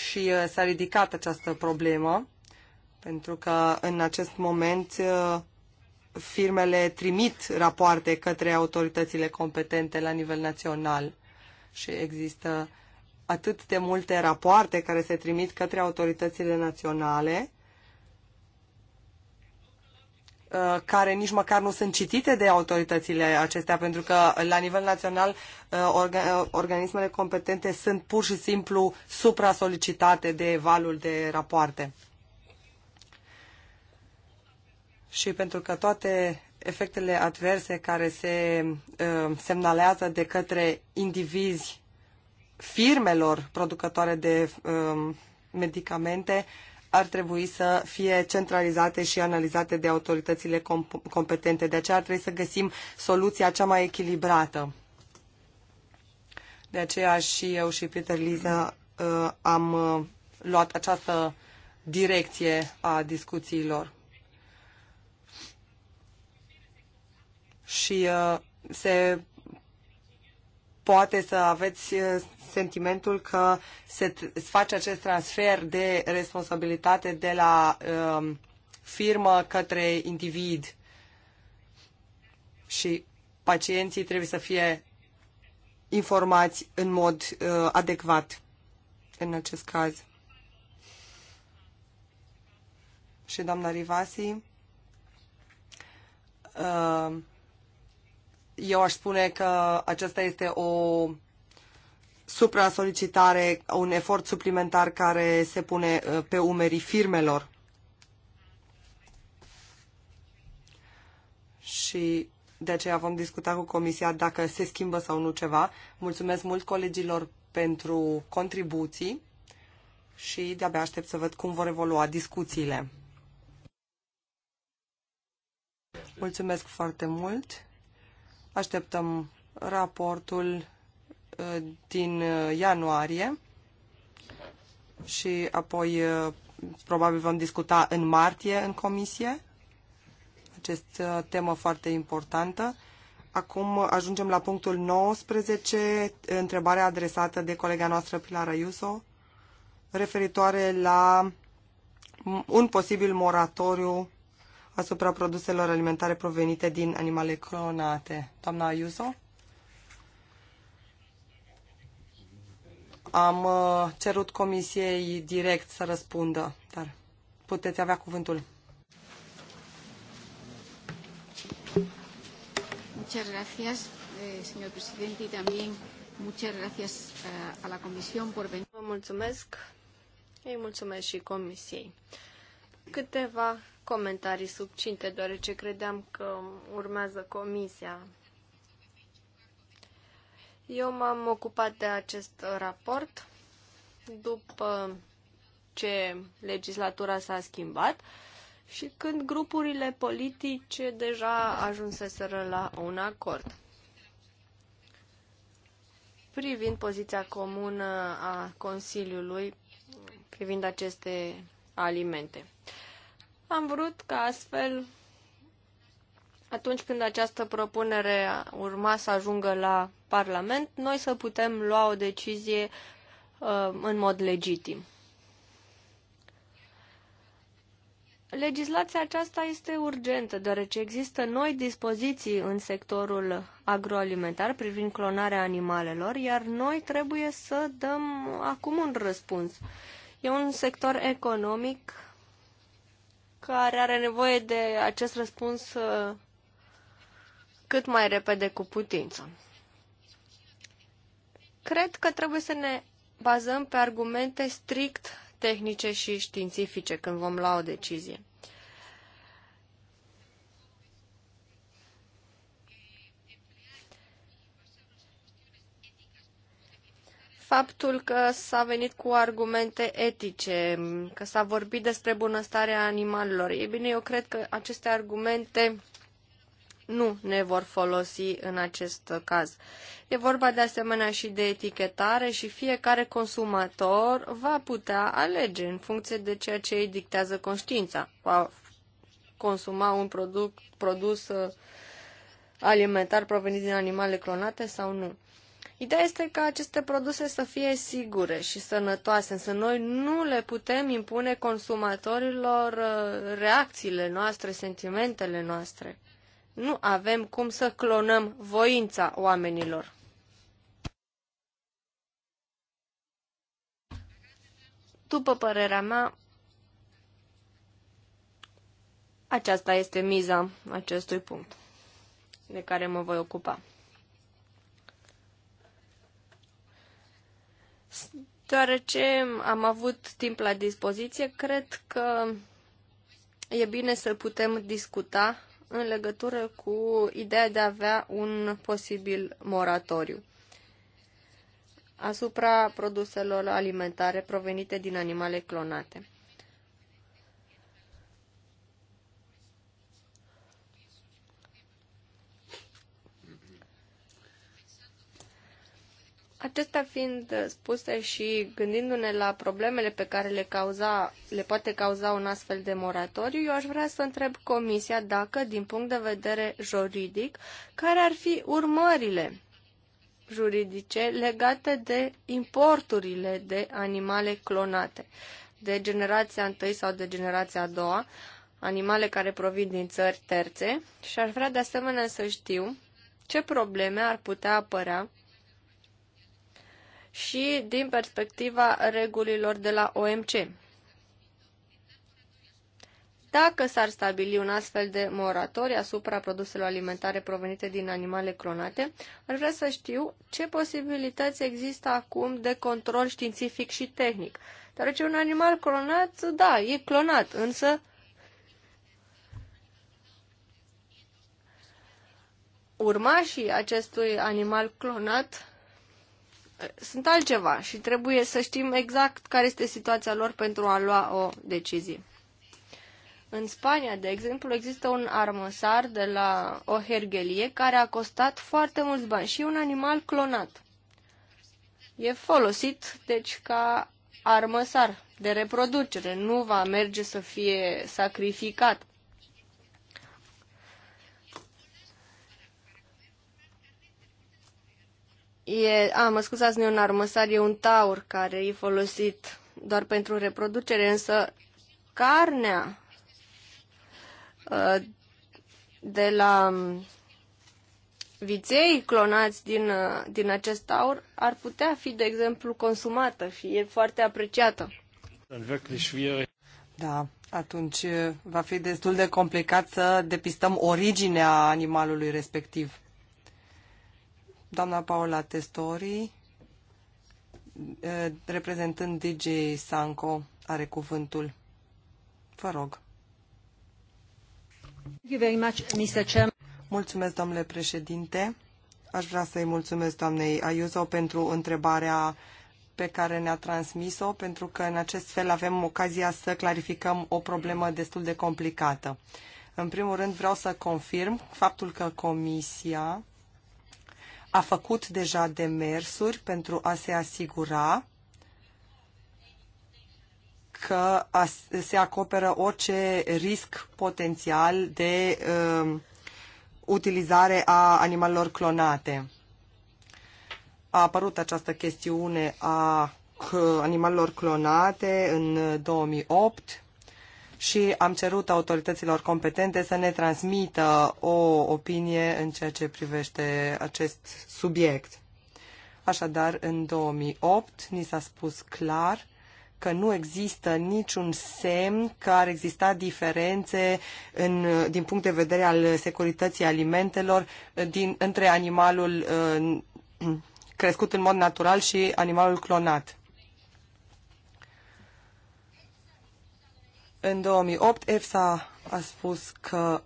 Și uh, s-a ridicat această problemă, pentru că în acest moment uh, firmele trimit rapoarte către autoritățile competente la nivel național și există atât de multe rapoarte care se trimit către autoritățile naționale uh, care nici măcar nu sunt citite de autoritățile acestea, pentru că la nivel național uh, uh, organismele competente sunt pur și simplu supra-solicitate de valul de rapoarte și pentru că toate efectele adverse care se uh, semnalează de către indivizi firmelor producătoare de uh, medicamente ar trebui să fie centralizate și analizate de autoritățile comp competente. De aceea ar trebui să găsim soluția cea mai echilibrată. De aceea și eu și Peter Liza uh, am uh, luat această direcție a discuțiilor. și uh, se poate să aveți uh, sentimentul că se face acest transfer de responsabilitate de la um, firmă către individ și pacienții trebuie să fie informați în mod uh, adecvat în acest caz. Și doamna Rivasi uh, eu aș spune că aceasta este o supra-solicitare, un efort suplimentar care se pune uh, pe umerii firmelor. Și de aceea vom discuta cu Comisia dacă se schimbă sau nu ceva. Mulțumesc mult colegilor pentru contribuții și de-abia aștept să văd cum vor evolua discuțiile. Mulțumesc foarte mult! Așteptăm raportul uh, din uh, ianuarie și apoi uh, probabil vom discuta în martie în comisie această temă foarte importantă. Acum ajungem la punctul 19, întrebarea adresată de colega noastră Pilar Ayuso, referitoare la un posibil moratoriu asupra produselor alimentare provenite din animale clonate. Doamna Ayuso? Am uh, cerut comisiei direct să răspundă, dar puteți avea cuvântul. Muchas gracias, eh, señor presidente, y también muchas gracias eh, a la comisión por venir. Vă mulțumesc. Îi mulțumesc și comisiei. Uh, Câteva comentarii subcinte, deoarece credeam că urmează comisia. Eu m-am ocupat de acest raport după ce legislatura s-a schimbat și când grupurile politice deja ajunseseră la un acord privind poziția comună a Consiliului privind aceste alimente. Am vrut ca astfel, atunci când această propunere urma să ajungă la Parlament, noi să putem lua o decizie uh, în mod legitim. Legislația aceasta este urgentă, deoarece există noi dispoziții în sectorul agroalimentar privind clonarea animalelor, iar noi trebuie să dăm acum un răspuns. Uh, E un sector economic care are nevoie de acest răspuns uh, cât mai repede cu putință. Cred că trebuie să ne bazăm pe argumente strict tehnice și științifice când vom lua o decizie. faptul că s-a venit cu argumente etice, că s-a vorbit despre bunăstarea animalelor. Ei bine, eu cred că aceste argumente nu ne vor folosi în acest caz. E vorba de asemenea și de etichetare și fiecare consumator va putea alege în funcție de ceea ce îi dictează conștiința. Va consuma un produc, produs uh, alimentar provenit din animale clonate sau nu. Ideea este ca aceste produse să fie sigure și sănătoase, însă noi nu le putem impune consumatorilor uh, reacțiile noastre, sentimentele noastre. Nu avem cum să clonăm voința oamenilor. După părerea mea, aceasta este miza acestui punct de care mă voi ocupa. Deoarece am avut timp la dispoziție, cred că e bine să putem discuta în legătură cu ideea de a avea un posibil moratoriu asupra produselor alimentare provenite din animale clonate. Acestea fiind spuse și gândindu-ne la problemele pe care le, cauza, le poate cauza un astfel de moratoriu, eu aș vrea să întreb Comisia dacă, din punct de vedere juridic, care ar fi urmările juridice legate de importurile de animale clonate, de generația întâi sau de generația a doua, animale care provin din țări terțe și aș vrea de asemenea să știu ce probleme ar putea apărea și din perspectiva regulilor de la OMC. Dacă s-ar stabili un astfel de moratoriu asupra produselor alimentare provenite din animale clonate, ar vrea să știu ce posibilități există acum de control științific și tehnic. Deoarece un animal clonat, da, e clonat, însă urmașii acestui animal clonat sunt altceva și trebuie să știm exact care este situația lor pentru a lua o decizie. În Spania, de exemplu, există un armăsar de la o hergelie care a costat foarte mulți bani și un animal clonat. E folosit, deci, ca armăsar de reproducere. Nu va merge să fie sacrificat. E, a, mă scuzați, nu e un armăsar, e un taur care e folosit doar pentru reproducere, însă carnea uh, de la um, viței clonați din, uh, din acest taur ar putea fi, de exemplu, consumată și e foarte apreciată. Da, atunci uh, va fi destul de complicat să depistăm originea animalului respectiv doamna Paola Testori, eh, reprezentând DJ Sanco, are cuvântul. Vă rog. Mulțumesc, domnule președinte. Aș vrea să-i mulțumesc doamnei Ayuso pentru întrebarea pe care ne-a transmis-o, pentru că în acest fel avem ocazia să clarificăm o problemă destul de complicată. În primul rând vreau să confirm faptul că Comisia a făcut deja demersuri pentru a se asigura că se acoperă orice risc potențial de uh, utilizare a animalelor clonate. A apărut această chestiune a uh, animalelor clonate în 2008 uh, și am cerut autorităților competente să ne transmită o opinie în ceea ce privește acest subiect. Așadar, în 2008 ni s-a spus clar că nu există niciun semn că ar exista diferențe în, din punct de vedere al securității alimentelor din, între animalul uh, crescut în mod natural și animalul clonat. În 2008, EFSA a spus că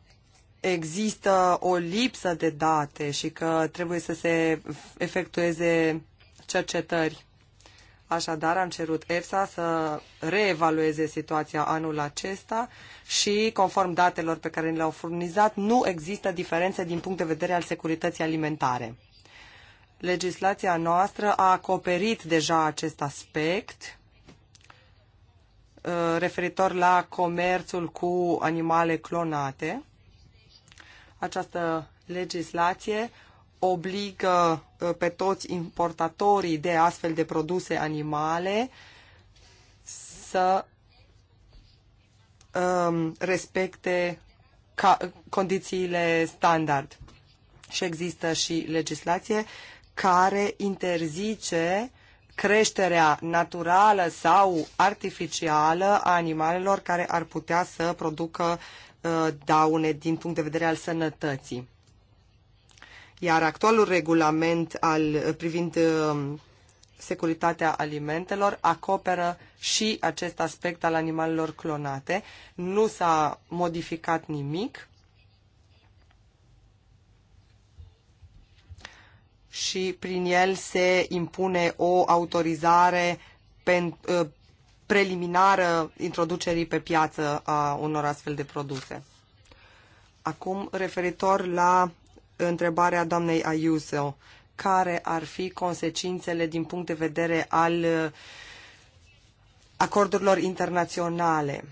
există o lipsă de date și că trebuie să se efectueze cercetări. Așadar, am cerut EFSA să reevalueze situația anul acesta și, conform datelor pe care le-au furnizat, nu există diferențe din punct de vedere al securității alimentare. Legislația noastră a acoperit deja acest aspect Uh, referitor la comerțul cu animale clonate. Această legislație obligă uh, pe toți importatorii de astfel de produse animale să um, respecte condițiile standard. Și există și legislație care interzice creșterea naturală sau artificială a animalelor care ar putea să producă uh, daune din punct de vedere al sănătății. Iar actualul regulament al, uh, privind uh, securitatea alimentelor acoperă și acest aspect al animalelor clonate. Nu s-a modificat nimic și prin el se impune o autorizare ă, preliminară introducerii pe piață a unor astfel de produse. Acum, referitor la întrebarea doamnei Ayuso, care ar fi consecințele din punct de vedere al acordurilor internaționale?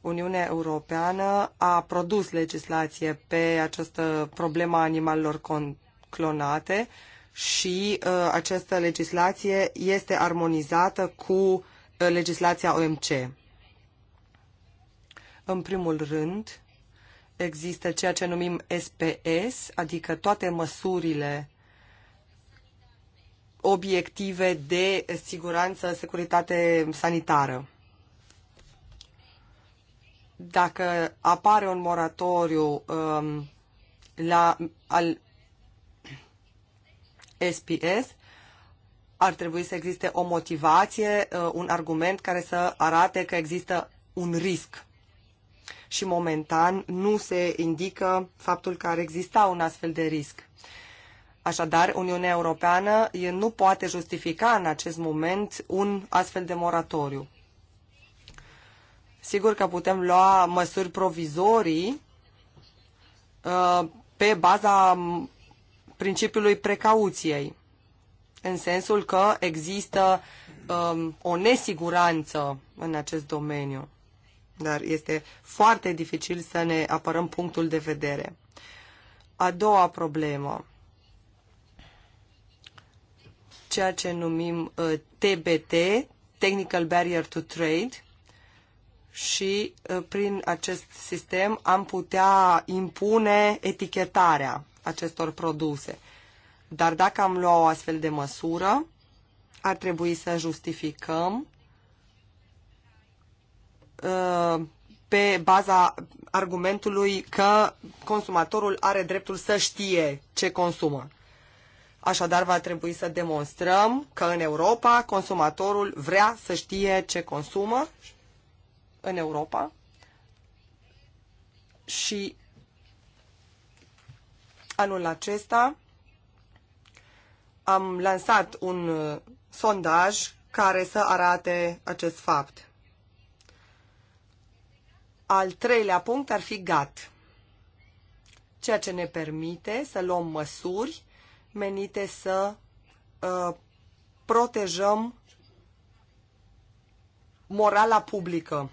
Uniunea Europeană a produs legislație pe această problemă a animalelor con- clonate și uh, această legislație este armonizată cu uh, legislația OMC. În primul rând, există ceea ce numim SPS, adică toate măsurile obiective de siguranță, securitate sanitară. Dacă apare un moratoriu um, la, al SPS, ar trebui să existe o motivație, uh, un argument care să arate că există un risc. Și momentan nu se indică faptul că ar exista un astfel de risc. Așadar, Uniunea Europeană nu poate justifica în acest moment un astfel de moratoriu. Sigur că putem lua măsuri provizorii uh, pe baza principiului precauției, în sensul că există um, o nesiguranță în acest domeniu, dar este foarte dificil să ne apărăm punctul de vedere. A doua problemă, ceea ce numim uh, TBT, Technical Barrier to Trade, și uh, prin acest sistem am putea impune etichetarea acestor produse. Dar dacă am luat o astfel de măsură, ar trebui să justificăm uh, pe baza argumentului că consumatorul are dreptul să știe ce consumă. Așadar, va trebui să demonstrăm că în Europa consumatorul vrea să știe ce consumă în Europa și Anul acesta am lansat un uh, sondaj care să arate acest fapt. Al treilea punct ar fi GAT, ceea ce ne permite să luăm măsuri menite să uh, protejăm morala publică.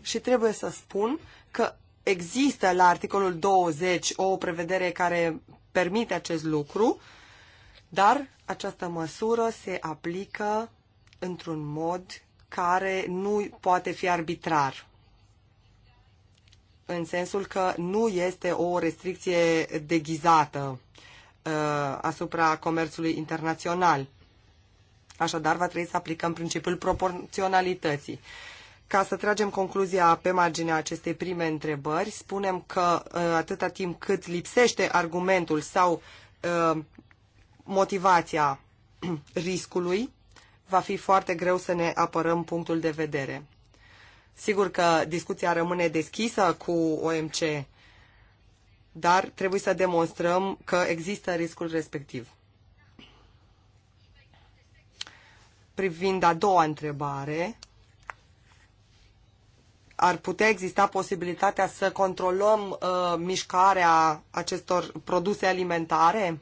Și trebuie să spun că există la articolul 20 o prevedere care permite acest lucru, dar această măsură se aplică într-un mod care nu poate fi arbitrar. În sensul că nu este o restricție deghizată uh, asupra comerțului internațional. Așadar, va trebui să aplicăm principiul proporționalității. Uh, ca să tragem concluzia pe marginea acestei prime întrebări, spunem că uh, atâta timp cât lipsește argumentul sau uh, motivația <clears throat> riscului, va fi foarte greu să ne apărăm punctul de vedere. Sigur că discuția rămâne deschisă cu OMC, dar trebuie să demonstrăm că există riscul respectiv. Privind a doua întrebare, ar putea exista posibilitatea să controlăm uh, mișcarea acestor produse alimentare?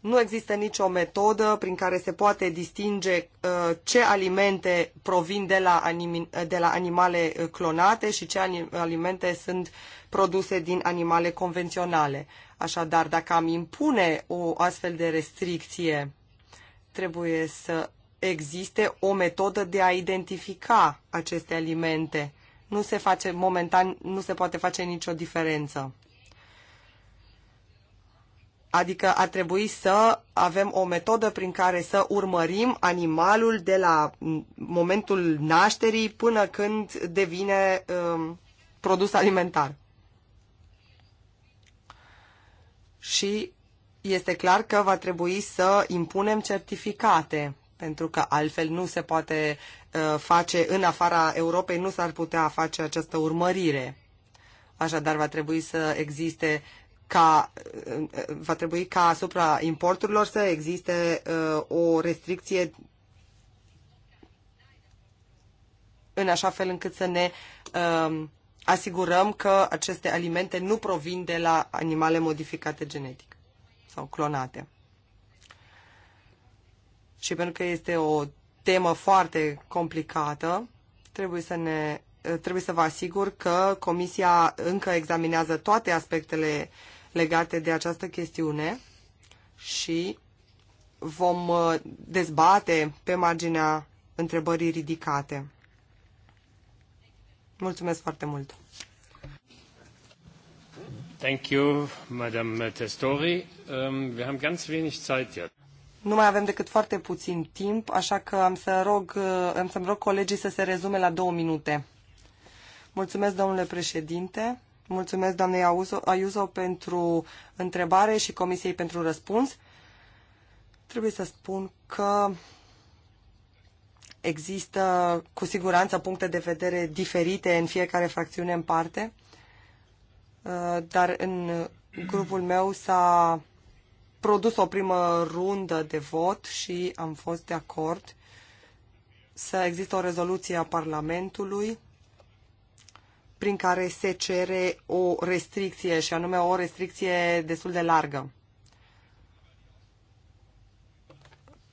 Nu există nicio metodă prin care se poate distinge uh, ce alimente provin de la, anim, de la animale uh, clonate și ce anim, alimente sunt produse din animale convenționale. Așadar, dacă am impune o astfel de restricție, trebuie să existe o metodă de a identifica aceste alimente. Nu se face, momentan, nu se poate face nicio diferență. Adică ar trebui să avem o metodă prin care să urmărim animalul de la momentul nașterii până când devine um, produs alimentar. Și este clar că va trebui să impunem certificate pentru că altfel nu se poate uh, face în afara Europei, nu s-ar putea face această urmărire. Așadar, va trebui să existe ca, uh, va trebui ca asupra importurilor să existe uh, o restricție în așa fel încât să ne um, asigurăm că aceste alimente nu provin de la animale modificate genetic sau clonate și pentru că este o temă foarte complicată, trebuie să ne trebuie să vă asigur că comisia încă examinează toate aspectele legate de această chestiune și vom uh, dezbate pe marginea întrebării ridicate. Mulțumesc foarte mult. Thank you, Madame Testori. Um, wir haben ganz wenig Zeit jetzt. Nu mai avem decât foarte puțin timp, așa că am să rog, am să-mi rog colegii să se rezume la două minute. Mulțumesc, domnule președinte. Mulțumesc, doamnei Ayuso, pentru întrebare și comisiei pentru răspuns. Trebuie să spun că există cu siguranță puncte de vedere diferite în fiecare fracțiune în parte, uh, dar în grupul meu s-a produs o primă rundă de vot și am fost de acord să există o rezoluție a Parlamentului prin care se cere o restricție și anume o restricție destul de largă.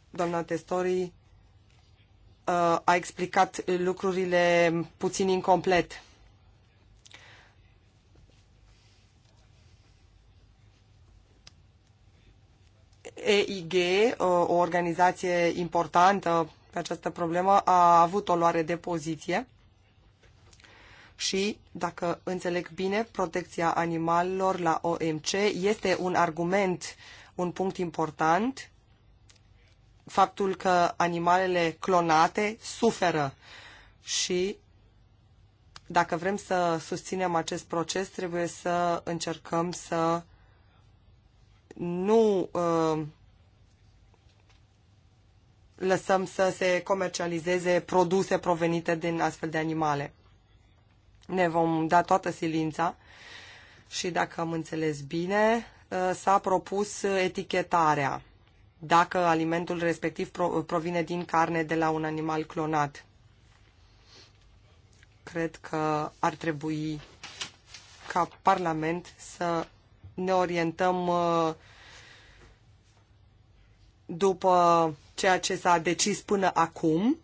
Doamna Testori uh, a explicat lucrurile puțin incomplet. EIG, o organizație importantă pe această problemă, a avut o luare de poziție și, dacă înțeleg bine, protecția animalelor la OMC este un argument, un punct important, faptul că animalele clonate suferă și dacă vrem să susținem acest proces, trebuie să încercăm să nu uh, lăsăm să se comercializeze produse provenite din astfel de animale. Ne vom da toată silința și, dacă am înțeles bine, uh, s-a propus etichetarea dacă alimentul respectiv provine din carne de la un animal clonat. Cred că ar trebui ca Parlament să ne orientăm uh, după ceea ce s-a decis până acum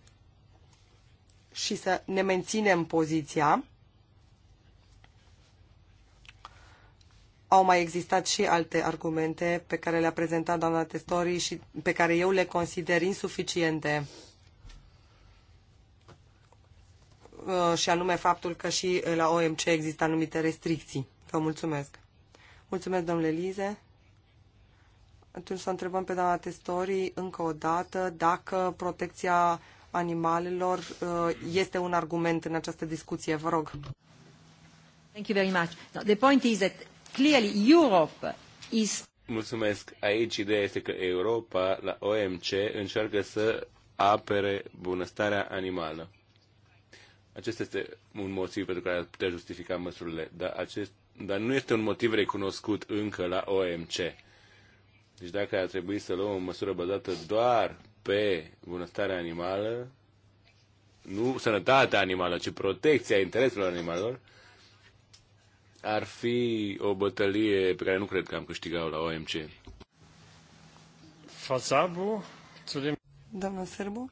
și să ne menținem poziția. Au mai existat și alte argumente pe care le-a prezentat doamna Testorii și pe care eu le consider insuficiente. Uh, și anume faptul că și la OMC există anumite restricții. Vă mulțumesc. Mulțumesc, domnule Lize. Atunci să întrebăm pe doamna Testorii încă o dată dacă protecția animalelor uh, este un argument în această discuție. Vă rog. Thank you very much. No, the point is that clearly Europe is Mulțumesc. Aici ideea este că Europa, la OMC, încearcă să apere bunăstarea animală. Acesta este un motiv pentru care ar putea justifica măsurile, dar acest dar nu este un motiv recunoscut încă la OMC. Deci dacă ar trebui să luăm o măsură bazată doar pe bunăstarea animală, nu sănătatea animală, ci protecția intereselor animalelor, ar fi o bătălie pe care nu cred că am câștigat-o la OMC. Fazabu, Doamna Serbu.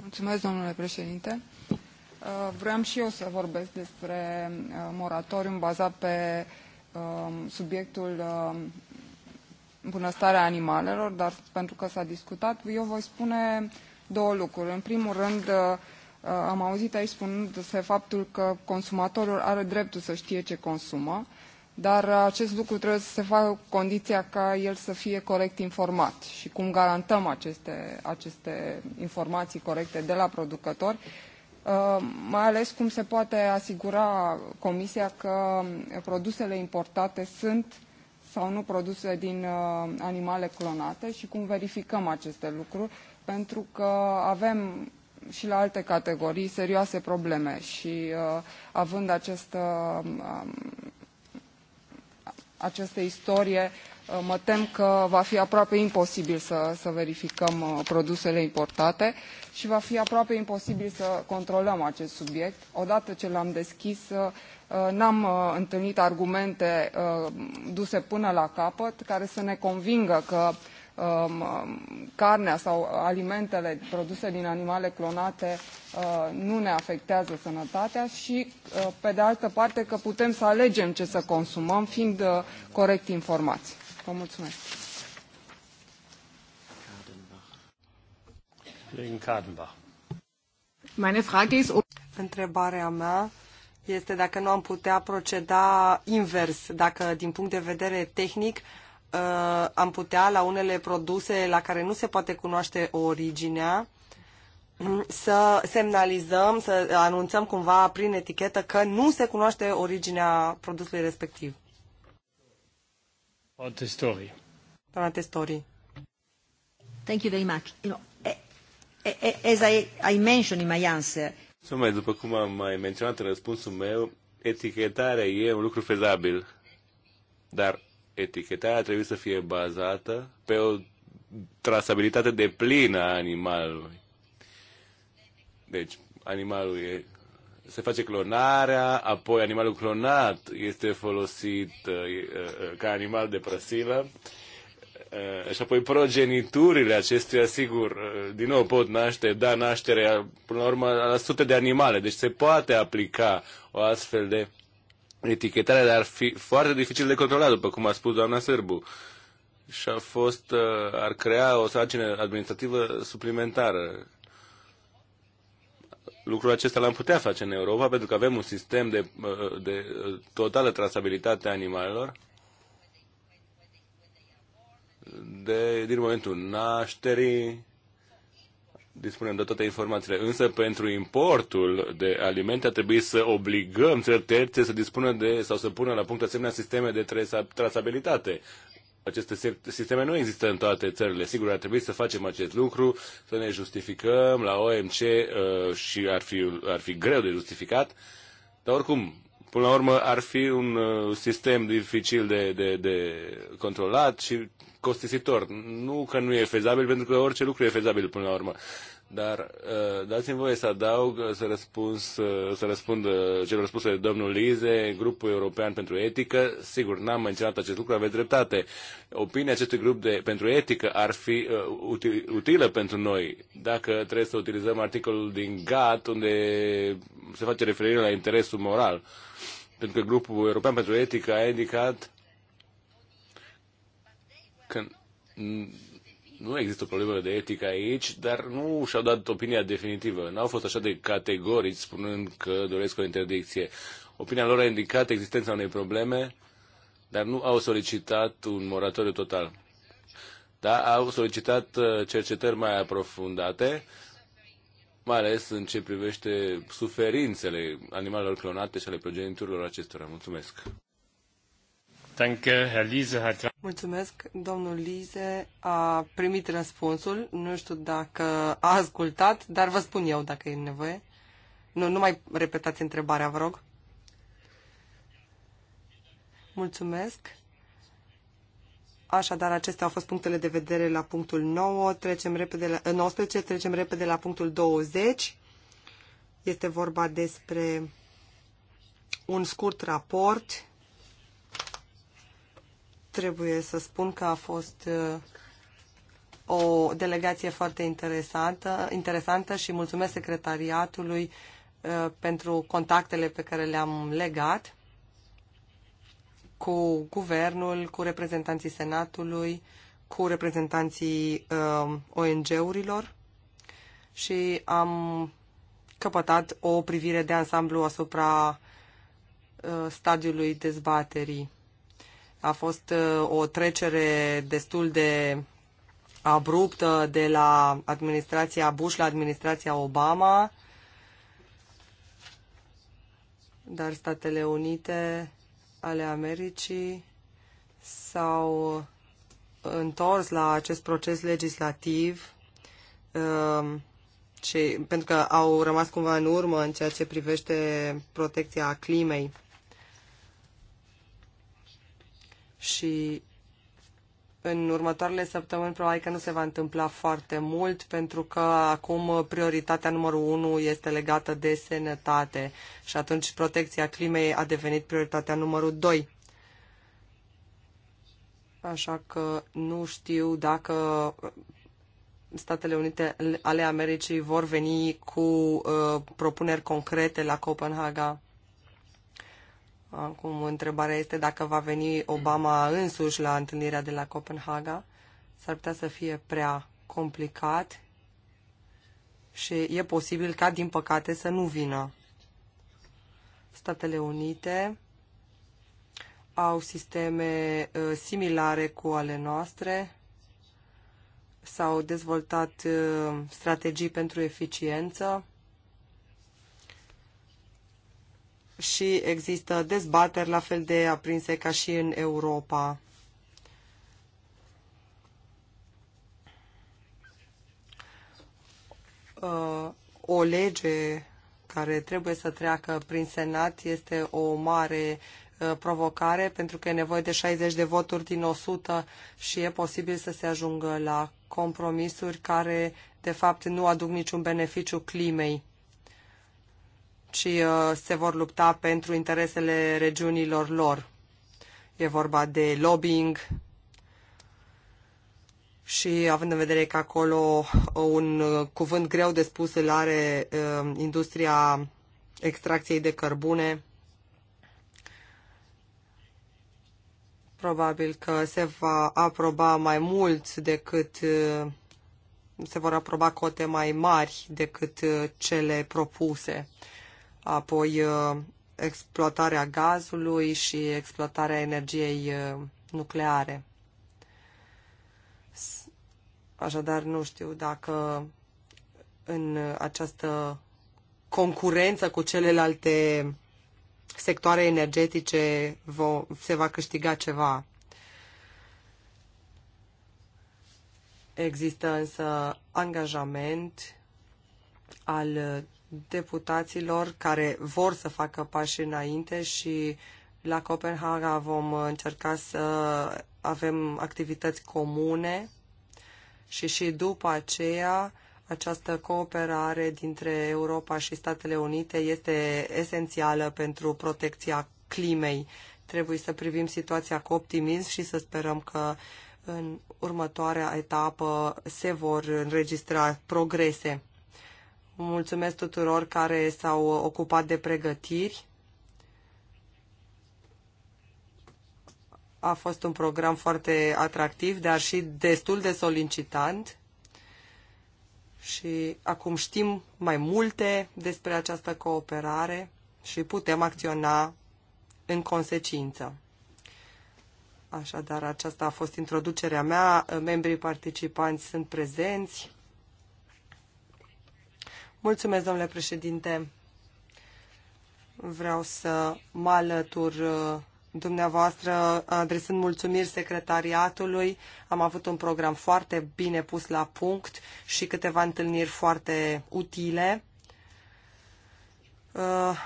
Mulțumesc, domnule președinte. Uh, Vreau și eu să vorbesc despre uh, moratorium bazat pe um, subiectul um, bunăstarea animalelor, dar pentru că s-a discutat, eu voi spune două lucruri. În primul rând, uh, am auzit aici spunându-se faptul că consumatorul are dreptul să știe ce consumă, dar acest lucru trebuie să se facă cu condiția ca el să fie corect informat. Și cum garantăm aceste, aceste informații corecte de la producători Uh, mai ales cum se poate asigura Comisia că produsele importate sunt sau nu produse din uh, animale clonate și cum verificăm aceste lucruri, pentru că avem și la alte categorii serioase probleme și uh, având această, um, această istorie mă tem că va fi aproape imposibil să, să verificăm uh, produsele importate și va fi aproape imposibil să controlăm acest subiect. Odată ce l-am deschis, uh, uh, n-am întâlnit argumente duse până la capăt care să ne convingă că um, carnea sau alimentele produse din animale clonate nu ne afectează sănătatea și, pe de altă parte, că putem să alegem ce să consumăm, fiind corect informați. Vă mulțumesc. Întrebarea mea este dacă nu am putea proceda invers, dacă din punct de vedere tehnic uh, am putea la unele produse la care nu se poate cunoaște originea mm, să semnalizăm, să anunțăm cumva prin etichetă că nu se cunoaște originea produsului respectiv. Testori. Doamna Testori. Thank you very much. You know, eh, eh, eh, as I, I mentioned in my answer... Mai după cum am mai menționat în răspunsul meu, etichetarea e un lucru fezabil, dar etichetarea trebuie să fie bazată pe o trasabilitate de plină a animalului. Deci, animalul e se face clonarea, apoi animalul clonat este folosit uh, uh, ca animal de prăsilă uh, și apoi progeniturile acestuia, sigur, din nou pot naște, da naștere, până la urmă, la sute de animale. Deci se poate aplica o astfel de etichetare, dar ar fi foarte dificil de controlat, după cum a spus doamna Sârbu. Și a fost, ar crea o sarcină administrativă suplimentară lucrul acesta l-am putea face în Europa pentru că avem un sistem de, de totală trasabilitate a animalelor de, din momentul nașterii dispunem de toate informațiile. Însă pentru importul de alimente a trebuit să obligăm țări terțe să dispună de sau să pună la punct asemenea sisteme de trasabilitate aceste sisteme nu există în toate țările. Sigur, ar trebui să facem acest lucru, să ne justificăm la OMC uh, și ar fi, ar fi greu de justificat, dar oricum, până la urmă, ar fi un uh, sistem dificil de, de, de controlat și costisitor. Nu că nu e fezabil, pentru că orice lucru e fezabil până la urmă. Dar uh, dați-mi voie să adaug, uh, să, răspuns, uh, să răspund celor spuse de domnul Lize, grupul european pentru etică. Sigur, n-am menționat acest lucru, aveți dreptate. Opinia acestui grup de, pentru etică ar fi uh, utilă pentru noi dacă trebuie să utilizăm articolul din GAT unde se face referire la interesul moral. Pentru că grupul european pentru etică a indicat că nu există o problemă de etică aici, dar nu și-au dat opinia definitivă. N-au fost așa de categorici spunând că doresc o interdicție. Opinia lor a indicat existența unei probleme, dar nu au solicitat un moratoriu total. Da, au solicitat uh, cercetări mai aprofundate, mai ales în ce privește suferințele animalelor clonate și ale progeniturilor acestora. Mulțumesc! Mulțumesc, domnul Lize a primit răspunsul. Nu știu dacă a ascultat, dar vă spun eu dacă e nevoie. Nu, nu mai repetați întrebarea, vă rog. Mulțumesc. Așadar, acestea au fost punctele de vedere la punctul 9, trecem repede la, 19, eh, trecem repede la punctul 20. Este vorba despre un scurt raport trebuie să spun că a fost uh, o delegație foarte interesantă, interesantă și mulțumesc secretariatului uh, pentru contactele pe care le-am legat cu guvernul, cu reprezentanții Senatului, cu reprezentanții uh, ONG-urilor și am căpătat o privire de ansamblu asupra uh, stadiului dezbaterii. A fost uh, o trecere destul de abruptă de la administrația Bush la administrația Obama, dar Statele Unite ale Americii s-au întors la acest proces legislativ uh, și, pentru că au rămas cumva în urmă în ceea ce privește protecția climei. și în următoarele săptămâni probabil că nu se va întâmpla foarte mult pentru că acum prioritatea numărul unu este legată de sănătate și atunci protecția climei a devenit prioritatea numărul doi. Așa că nu știu dacă Statele Unite ale Americii vor veni cu uh, propuneri concrete la Copenhaga. Acum, întrebarea este dacă va veni Obama însuși la întâlnirea de la Copenhaga. S-ar putea să fie prea complicat și e posibil ca, din păcate, să nu vină. Statele Unite au sisteme uh, similare cu ale noastre, s-au dezvoltat uh, strategii pentru eficiență, și există dezbateri la fel de aprinse ca și în Europa. Uh, o lege care trebuie să treacă prin Senat este o mare uh, provocare pentru că e nevoie de 60 de voturi din 100 și e posibil să se ajungă la compromisuri care de fapt nu aduc niciun beneficiu climei ci uh, se vor lupta pentru interesele regiunilor lor. E vorba de lobbying și având în vedere că acolo uh, un uh, cuvânt greu de spus îl are industria extracției de cărbune, probabil că se va aproba mai mult decât se vor aproba cote mai mari decât cele propuse apoi uh, exploatarea gazului și exploatarea energiei uh, nucleare. Așadar, nu știu dacă în această concurență cu celelalte sectoare energetice se va câștiga ceva. Există însă angajament al deputaților care vor să facă pași înainte și la Copenhaga vom încerca să avem activități comune și și după aceea această cooperare dintre Europa și Statele Unite este esențială pentru protecția climei. Trebuie să privim situația cu optimism și să sperăm că în următoarea etapă se vor înregistra progrese mulțumesc tuturor care s-au ocupat de pregătiri. A fost un program foarte atractiv, dar și destul de solicitant. Și acum știm mai multe despre această cooperare și putem acționa în consecință. Așadar, aceasta a fost introducerea mea. Membrii participanți sunt prezenți. Mulțumesc, domnule președinte. Vreau să mă alătur uh, dumneavoastră adresând mulțumiri secretariatului. Am avut un program foarte bine pus la punct și câteva întâlniri foarte utile uh,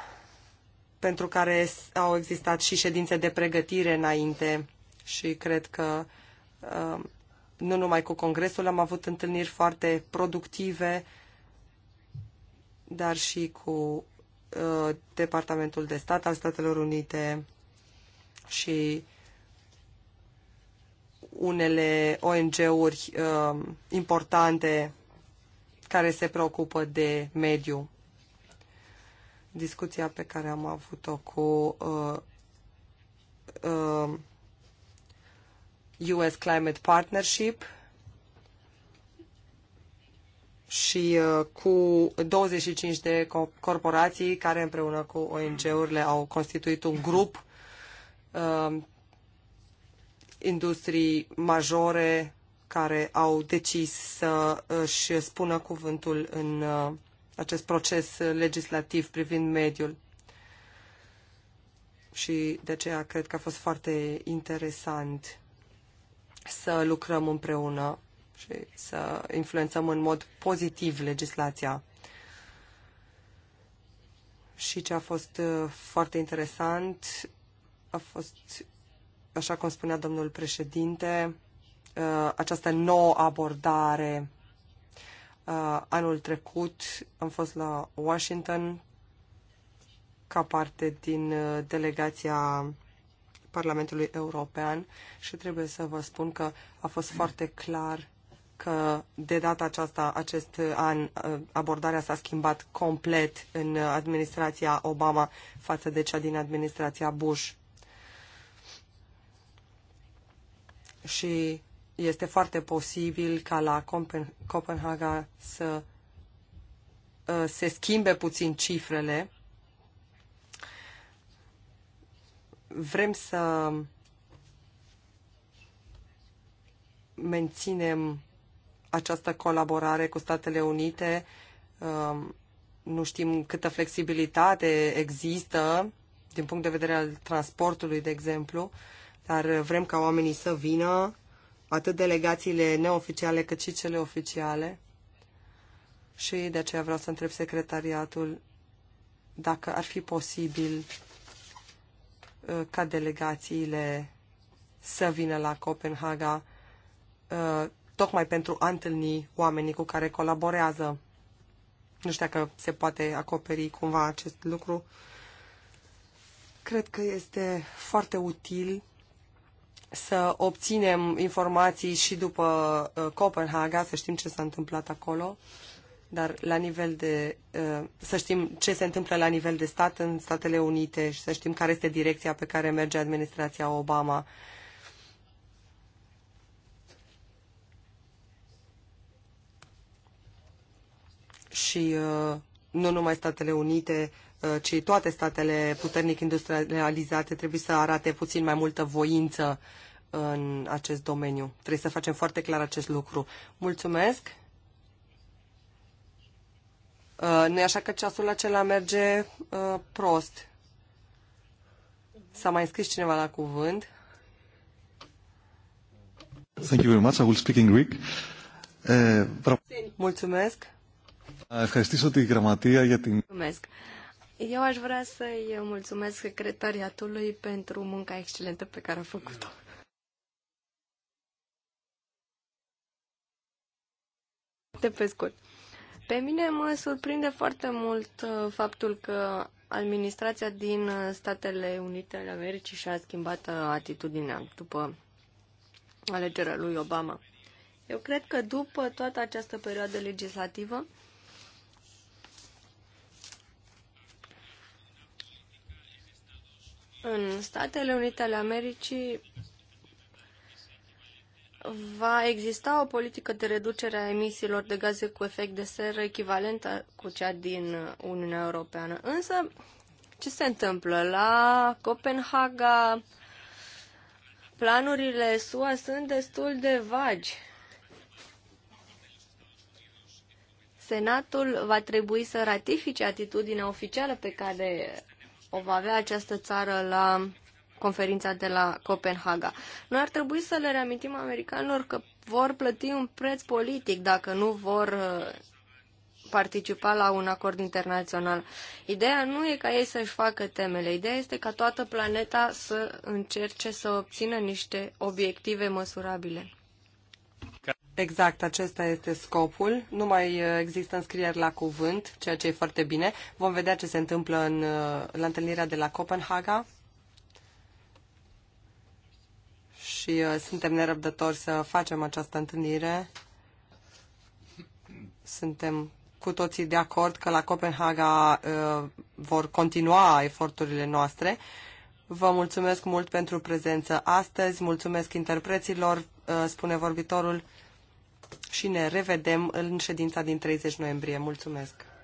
pentru care au existat și ședințe de pregătire înainte și cred că uh, nu numai cu Congresul am avut întâlniri foarte productive dar și cu uh, Departamentul de Stat al Statelor Unite și unele ONG-uri uh, importante care se preocupă de mediu. Discuția pe care am avut-o cu US uh, Climate Partnership și uh, cu 25 de corporații care împreună cu ONG-urile au constituit un grup uh, industrii majore care au decis să își spună cuvântul în uh, acest proces legislativ privind mediul. Și de aceea cred că a fost foarte interesant să lucrăm împreună și să influențăm în mod pozitiv legislația. Și ce a fost uh, foarte interesant a fost, așa cum spunea domnul președinte, uh, această nouă abordare. Uh, anul trecut am fost la Washington ca parte din delegația Parlamentului European și trebuie să vă spun că a fost foarte clar că de data aceasta, acest an, uh, abordarea s-a schimbat complet în administrația Obama față de cea din administrația Bush. Și este foarte posibil ca la Copen Copenhaga să uh, se schimbe puțin cifrele. Vrem să menținem această colaborare cu Statele Unite. Um, nu știm câtă flexibilitate există din punct de vedere al transportului, de exemplu, dar vrem ca oamenii să vină, atât delegațiile neoficiale cât și cele oficiale. Și de aceea vreau să întreb secretariatul dacă ar fi posibil uh, ca delegațiile să vină la Copenhaga uh, tocmai pentru a întâlni oamenii cu care colaborează. Nu știu dacă se poate acoperi cumva acest lucru. Cred că este foarte util să obținem informații și după uh, Copenhaga, să știm ce s-a întâmplat acolo, dar la nivel de, uh, să știm ce se întâmplă la nivel de stat în Statele Unite și să știm care este direcția pe care merge administrația Obama și uh, nu numai Statele Unite, uh, ci toate statele puternic industrializate trebuie să arate puțin mai multă voință în acest domeniu. Trebuie să facem foarte clar acest lucru. Mulțumesc! Uh, nu e așa că ceasul acela merge prost. S-a mai scris cineva la cuvânt. Thank you very much. I will speak in Greek. Mulțumesc. Mulțumesc. Eu aș vrea să-i mulțumesc secretariatului pentru munca excelentă pe care a făcut-o. De pe scurt. Pe mine mă surprinde foarte mult uh, faptul că administrația din uh, Statele Unite ale Americii și-a schimbat uh, atitudinea după alegerea lui Obama. Eu cred că după toată această perioadă legislativă, În Statele Unite ale Americii va exista o politică de reducere a emisiilor de gaze cu efect de seră echivalentă cu cea din Uniunea Europeană. Însă, ce se întâmplă? La Copenhaga planurile SUA sunt destul de vagi. Senatul va trebui să ratifice atitudinea oficială pe care o va avea această țară la conferința de la Copenhaga. Noi ar trebui să le reamintim americanilor că vor plăti un preț politic dacă nu vor uh, participa la un acord internațional. Ideea nu e ca ei să-și facă temele, ideea este ca toată planeta să încerce să obțină niște obiective măsurabile. Exact, acesta este scopul. Nu mai uh, există înscrieri la cuvânt, ceea ce e foarte bine. Vom vedea ce se întâmplă în, uh, la întâlnirea de la Copenhaga. Și uh, suntem nerăbdători să facem această întâlnire. Suntem cu toții de acord că la Copenhaga uh, vor continua eforturile noastre. Vă mulțumesc mult pentru prezență astăzi, mulțumesc interpreților, uh, spune vorbitorul și ne revedem în ședința din 30 noiembrie. Mulțumesc!